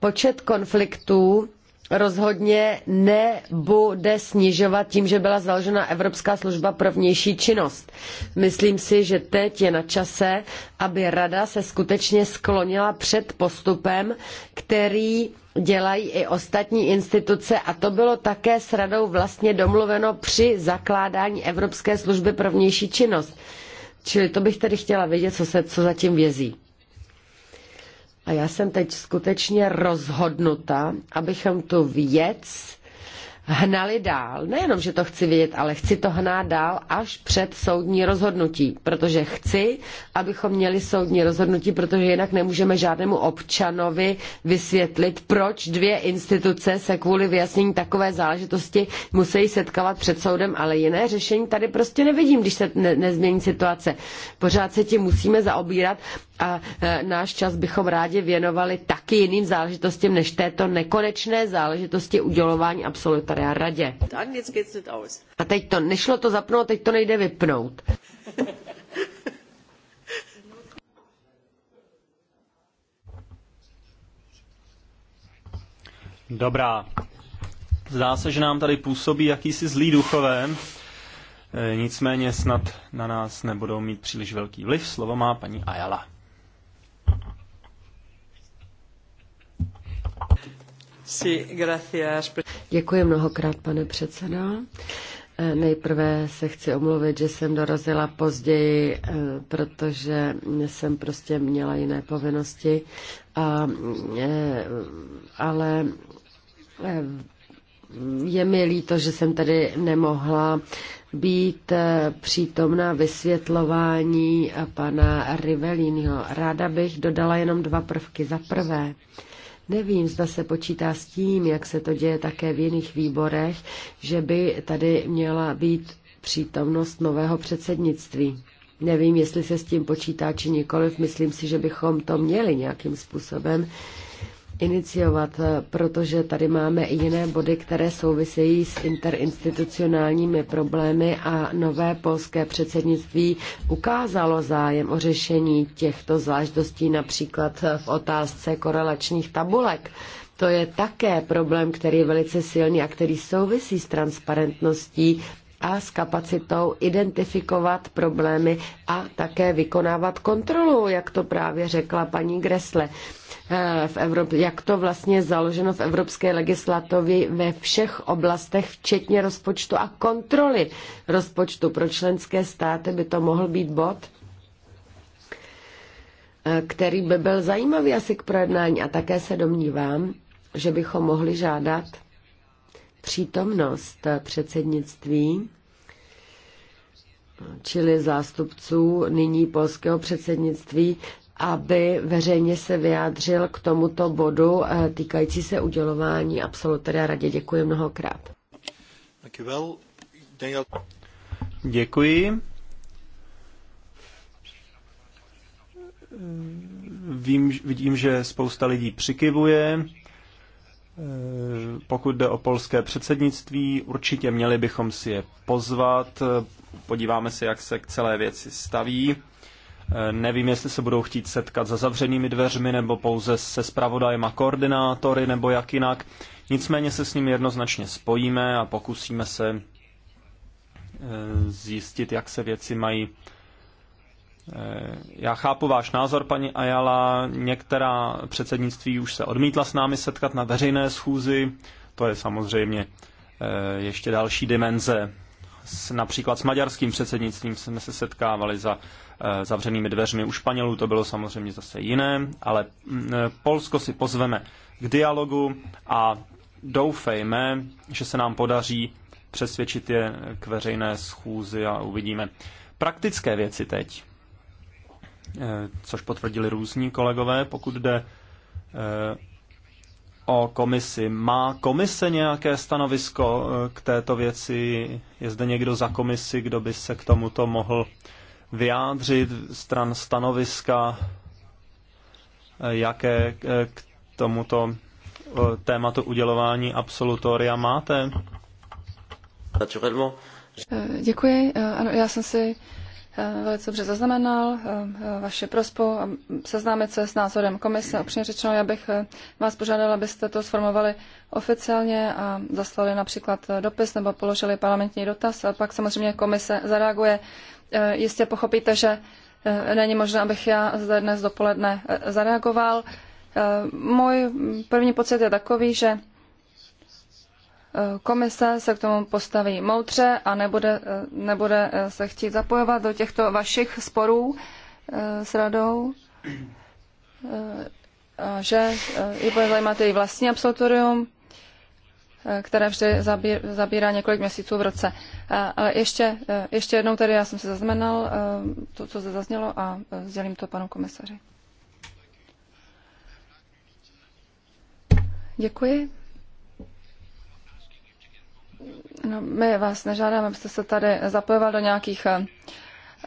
Počet konfliktů rozhodně nebude snižovat tím, že byla založena Evropská služba pro vnější činnost. Myslím si, že teď je na čase, aby Rada se skutečně sklonila před postupem, který dělají i ostatní instituce a to bylo také s radou vlastně domluveno při zakládání Evropské služby pro vnější činnost. Čili to bych tedy chtěla vědět, co, se, co zatím vězí. A já jsem teď skutečně rozhodnuta, abychom tu věc hnali dál. Nejenom, že to chci vědět, ale chci to hnát dál až před soudní rozhodnutí, protože chci, abychom měli soudní rozhodnutí, protože jinak nemůžeme žádnému občanovi vysvětlit, proč dvě instituce se kvůli vyjasnění takové záležitosti musí setkávat před soudem, ale jiné řešení tady prostě nevidím, když se ne- nezmění situace. Pořád se tím musíme zaobírat a e, náš čas bychom rádi věnovali taky jiným záležitostem než této nekonečné záležitosti udělování absolutaria radě. A teď to nešlo to zapnout, teď to nejde vypnout. Dobrá. Zdá se, že nám tady působí jakýsi zlý duchové. E, nicméně snad na nás nebudou mít příliš velký vliv. Slovo má paní Ayala. Děkuji mnohokrát, pane předseda. Eh, nejprve se chci omluvit, že jsem dorazila později, eh, protože jsem prostě měla jiné povinnosti, a, eh, ale je mi líto, že jsem tady nemohla být přítomna vysvětlování pana Rivelínho. Ráda bych dodala jenom dva prvky. Za prvé, Nevím, zda se počítá s tím, jak se to děje také v jiných výborech, že by tady měla být přítomnost nového předsednictví. Nevím, jestli se s tím počítá či nikoliv. Myslím si, že bychom to měli nějakým způsobem iniciovat, protože tady máme i jiné body, které souvisejí s interinstitucionálními problémy a nové polské předsednictví ukázalo zájem o řešení těchto zvláštností, například v otázce korelačních tabulek. To je také problém, který je velice silný a který souvisí s transparentností a s kapacitou identifikovat problémy a také vykonávat kontrolu, jak to právě řekla paní Gresle. Eh, v Evropě, jak to vlastně je založeno v evropské legislativě ve všech oblastech, včetně rozpočtu a kontroly rozpočtu. Pro členské státy by to mohl být bod, eh, který by byl zajímavý asi k projednání. A také se domnívám, že bychom mohli žádat přítomnost předsednictví čili zástupců nyní polského předsednictví aby veřejně se vyjádřil k tomuto bodu eh, týkající se udělování absolutoria radě. Děkuji mnohokrát. Děkuji. Vím, vidím, že spousta lidí přikivuje. Eh, pokud jde o polské předsednictví, určitě měli bychom si je pozvat. Eh, podíváme se, jak se k celé věci staví. Nevím, jestli se budou chtít setkat za zavřenými dveřmi nebo pouze se spravodajem a koordinátory nebo jak jinak. Nicméně se s nimi jednoznačně spojíme a pokusíme se eh, zjistit, jak se věci mají. Eh, já chápu váš názor, paní Ayala. Některá předsednictví už se odmítla s námi setkat na veřejné schůzi. To je samozřejmě eh, ještě další dimenze. například s maďarským předsednictvím jsme se setkávali za Eh, zavřenými dveřmi. U Španělů to bylo samozřejmě zase jiné, ale mm, eh, Polsko si pozveme k dialogu a doufejme, že se nám podaří přesvědčit je k veřejné schůzi a uvidíme. Praktické věci teď, eh, což potvrdili různí kolegové, pokud jde o komisi. Má komise nějaké stanovisko k této věci? Je zde někdo za komisi, kdo by se k tomuto mohl vyjádřit stran stanoviska, eh, jaké eh, k tomuto eh, tématu udělování absolutoria máte? Děkuji. Ano, já jsem si velice dobře zaznamenal vaše prospo a seznámit se s názorem komise. Opřímně řečeno, já bych vás požádala, abyste to sformovali oficiálně a zaslali například dopis nebo položili parlamentní dotaz a pak samozřejmě komise zareaguje. Eh, jistě pochopíte, že eh, není možné, abych já zde dnes dopoledne eh, zareagoval. Můj první pocit je takový, že komise se k tomu postaví moudře a nebude, nebude se chtít zapojovat do těchto vašich sporů s radou, že ji bude zajímat její vlastní absolutorium, Eh, které vždy zabírá několik měsíců v roce. Eh, ale ještě, eh, ještě jednou tady já jsem si zaznamenal to, co se zaznělo a sdělím to panu komisaři. Děkuji. No, my vás nežádáme, abyste se tady zapojoval do nějakých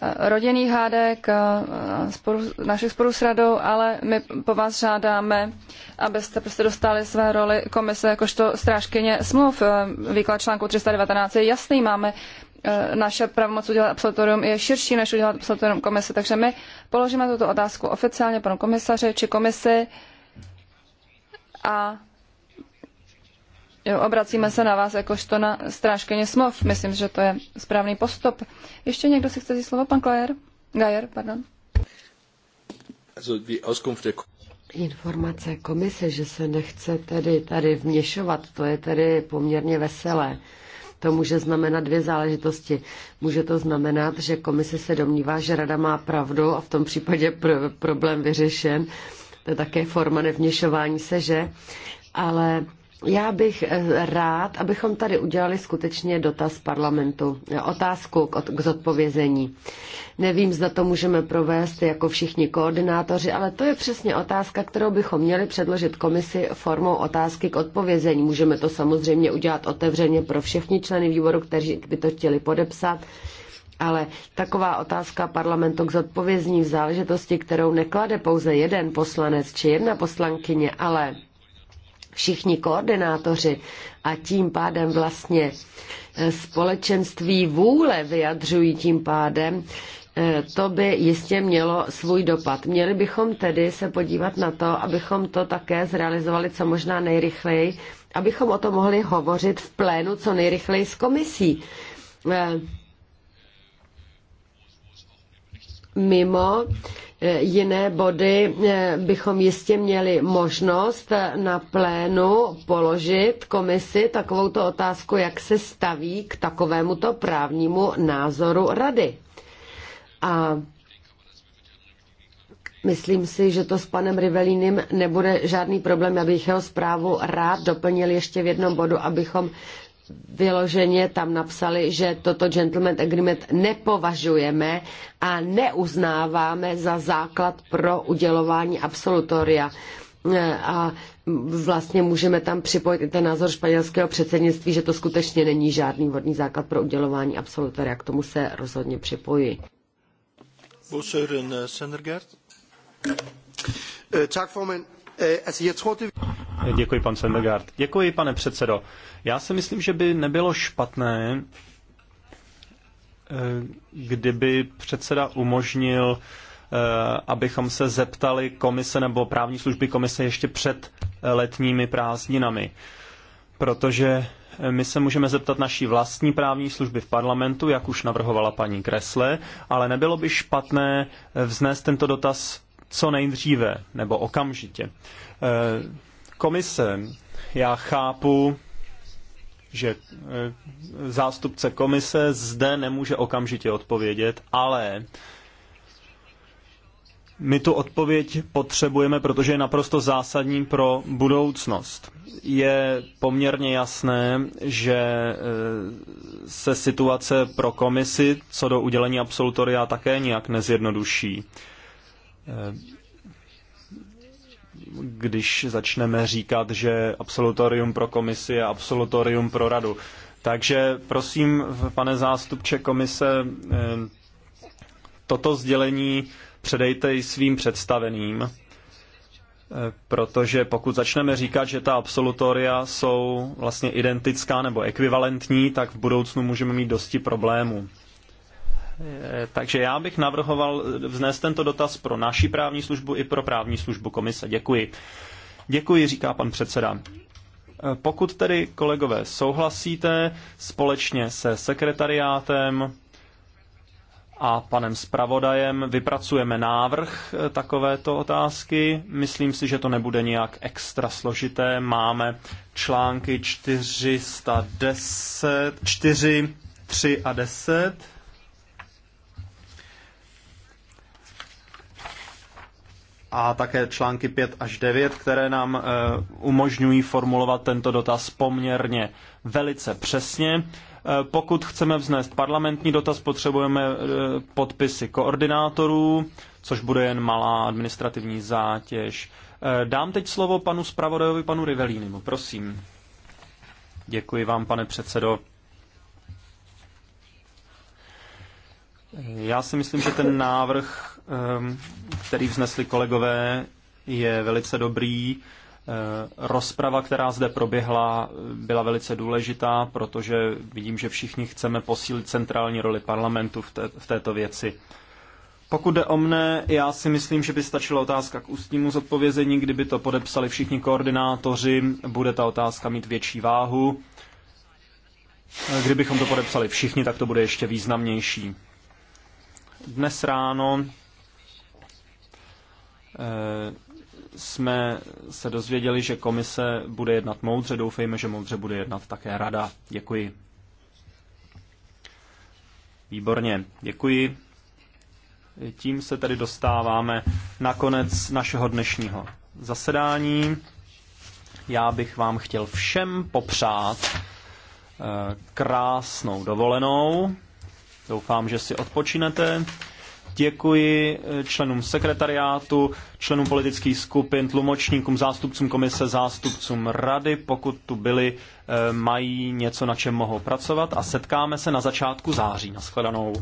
Eh, rodinných hádek eh, sporu, našich sporů s radou, ale my po vás žádáme, abyste prostě dostali své roli komise jakožto strážkyně smluv. Eh, výklad článku 319 je jasný, máme naše pravomoc udělat absolutorium je širší, než udělat absolutorium komise. Takže my položíme tuto otázku oficiálně panu komisaři či komisi a obracíme se na vás jakožto na strážkyně smluv. Myslím, že to je správný postup. Ještě někdo si chce říct slovo? Pan Klajer? Gajer, pardon. Informace komise, že se nechce tedy tady vměšovat, to je tedy poměrně veselé. To může znamenat dvě záležitosti. Může to znamenat, že komise se domnívá, že rada má pravdu a v tom případě pr- problém vyřešen. To je také forma nevměšování se, že? Ale já bych eh, rád, abychom tady udělali skutečně dotaz parlamentu, eh, otázku k zodpovězení. Nevím, zda to můžeme provést jako všichni koordinátoři, ale to je přesně otázka, kterou bychom měli předložit komisi formou otázky k odpovězení. Můžeme to samozřejmě udělat otevřeně pro všechny členy výboru, kteří by to chtěli podepsat. Ale taková otázka parlamentu k zodpovězní v záležitosti, kterou neklade pouze jeden poslanec či jedna poslankyně, ale všichni koordinátoři a tím pádem vlastně e, společenství vůle vyjadřují tím pádem, e, to by jistě mělo svůj dopad. Měli bychom tedy se podívat na to, abychom to také zrealizovali co možná nejrychleji, abychom o tom mohli hovořit v plénu co nejrychleji s komisí e, mimo eh, jiné body eh, bychom jistě měli možnost eh, na plénu položit komisi takovouto otázku, jak se staví k takovémuto právnímu názoru rady. A Myslím si, že to s panem Rivelínem nebude žádný problém. abych bych jeho zprávu rád doplnil ještě v jednom bodu, abychom vyloženě tam napsali, že toto gentleman agreement nepovažujeme a neuznáváme za základ pro udělování absolutoria. A vlastně můžeme tam připojit i ten názor španělského předsednictví, že to skutečně není žádný vodní základ pro udělování absolutoria. K tomu se rozhodně připojí. Øh, tak, øh, Altså, jeg tror, det... Děkuji, pan Sendegard. Děkuji, pane předsedo. Já si myslím, že by nebylo špatné, eh, kdyby předseda umožnil, eh, abychom se zeptali komise nebo právní služby komise ještě před eh, letními prázdninami. Protože my se můžeme zeptat naší vlastní právní služby v parlamentu, jak už navrhovala paní Kresle, ale nebylo by špatné vznést tento dotaz co nejdříve nebo okamžitě komise. Já chápu, že eh, zástupce komise zde nemůže okamžitě odpovědět, ale my tu odpověď potřebujeme, protože je naprosto zásadní pro budoucnost. Je poměrně jasné, že eh, se situace pro komisi co do udělení absolutoria také nijak nezjednoduší. Eh, když začneme říkat, že absolutorium pro komisi je absolutorium pro radu. Takže prosím, pane zástupče komise, eh, toto sdělení předejte i svým představeným, eh, protože pokud začneme říkat, že ta absolutoria jsou vlastně identická nebo ekvivalentní, tak v budoucnu můžeme mít dosti problémů. Eh, takže já bych navrhoval vznést tento dotaz pro naši právní službu i pro právní službu komise. Děkuji. Děkuji, říká pan předseda. Eh, pokud tedy, kolegové, souhlasíte společně se sekretariátem a panem zpravodajem, vypracujeme návrh eh, takovéto otázky. Myslím si, že to nebude nějak extra složité. Máme články 410, 4, 3 a 10 a také články 5 až 9, které nám eh, umožňují formulovat tento dotaz poměrně velice přesně. Eh, pokud chceme vznést parlamentní dotaz, potřebujeme eh, podpisy koordinátorů, což bude jen malá administrativní zátěž. Dám teď slovo panu zpravodajovi, panu Rivelínimu, prosím. Děkuji vám, pane předsedo. Já si myslím, že ten návrh, ehm, který vznesli kolegové, je velice dobrý. Eh, rozprava, která zde proběhla, byla velice důležitá, protože vidím, že všichni chceme posílit centrální roli parlamentu v, té, v této věci. Pokud jde o mne, já si myslím, že by stačila otázka k ústnímu zodpovězení. Kdyby to podepsali všichni koordinátoři, bude ta otázka mít větší váhu. Kdybychom to podepsali všichni, tak to bude ještě významnější. Dnes ráno eh, jsme se dozvěděli, že komise bude jednat moudře. Doufejme, že moudře bude jednat také rada. Děkuji. Výborně, děkuji. Tím se tedy dostáváme na konec našeho dnešního zasedání. Já bych vám chtěl všem popřát eh, krásnou dovolenou Doufám, že si odpočinete. Děkuji eh, členům sekretariátu, členům politických skupin, tlumočníkům, zástupcům komise, zástupcům rady. Pokud tu byli, eh, mají něco, na čem mohou pracovat a setkáme se na začátku září. Naschledanou.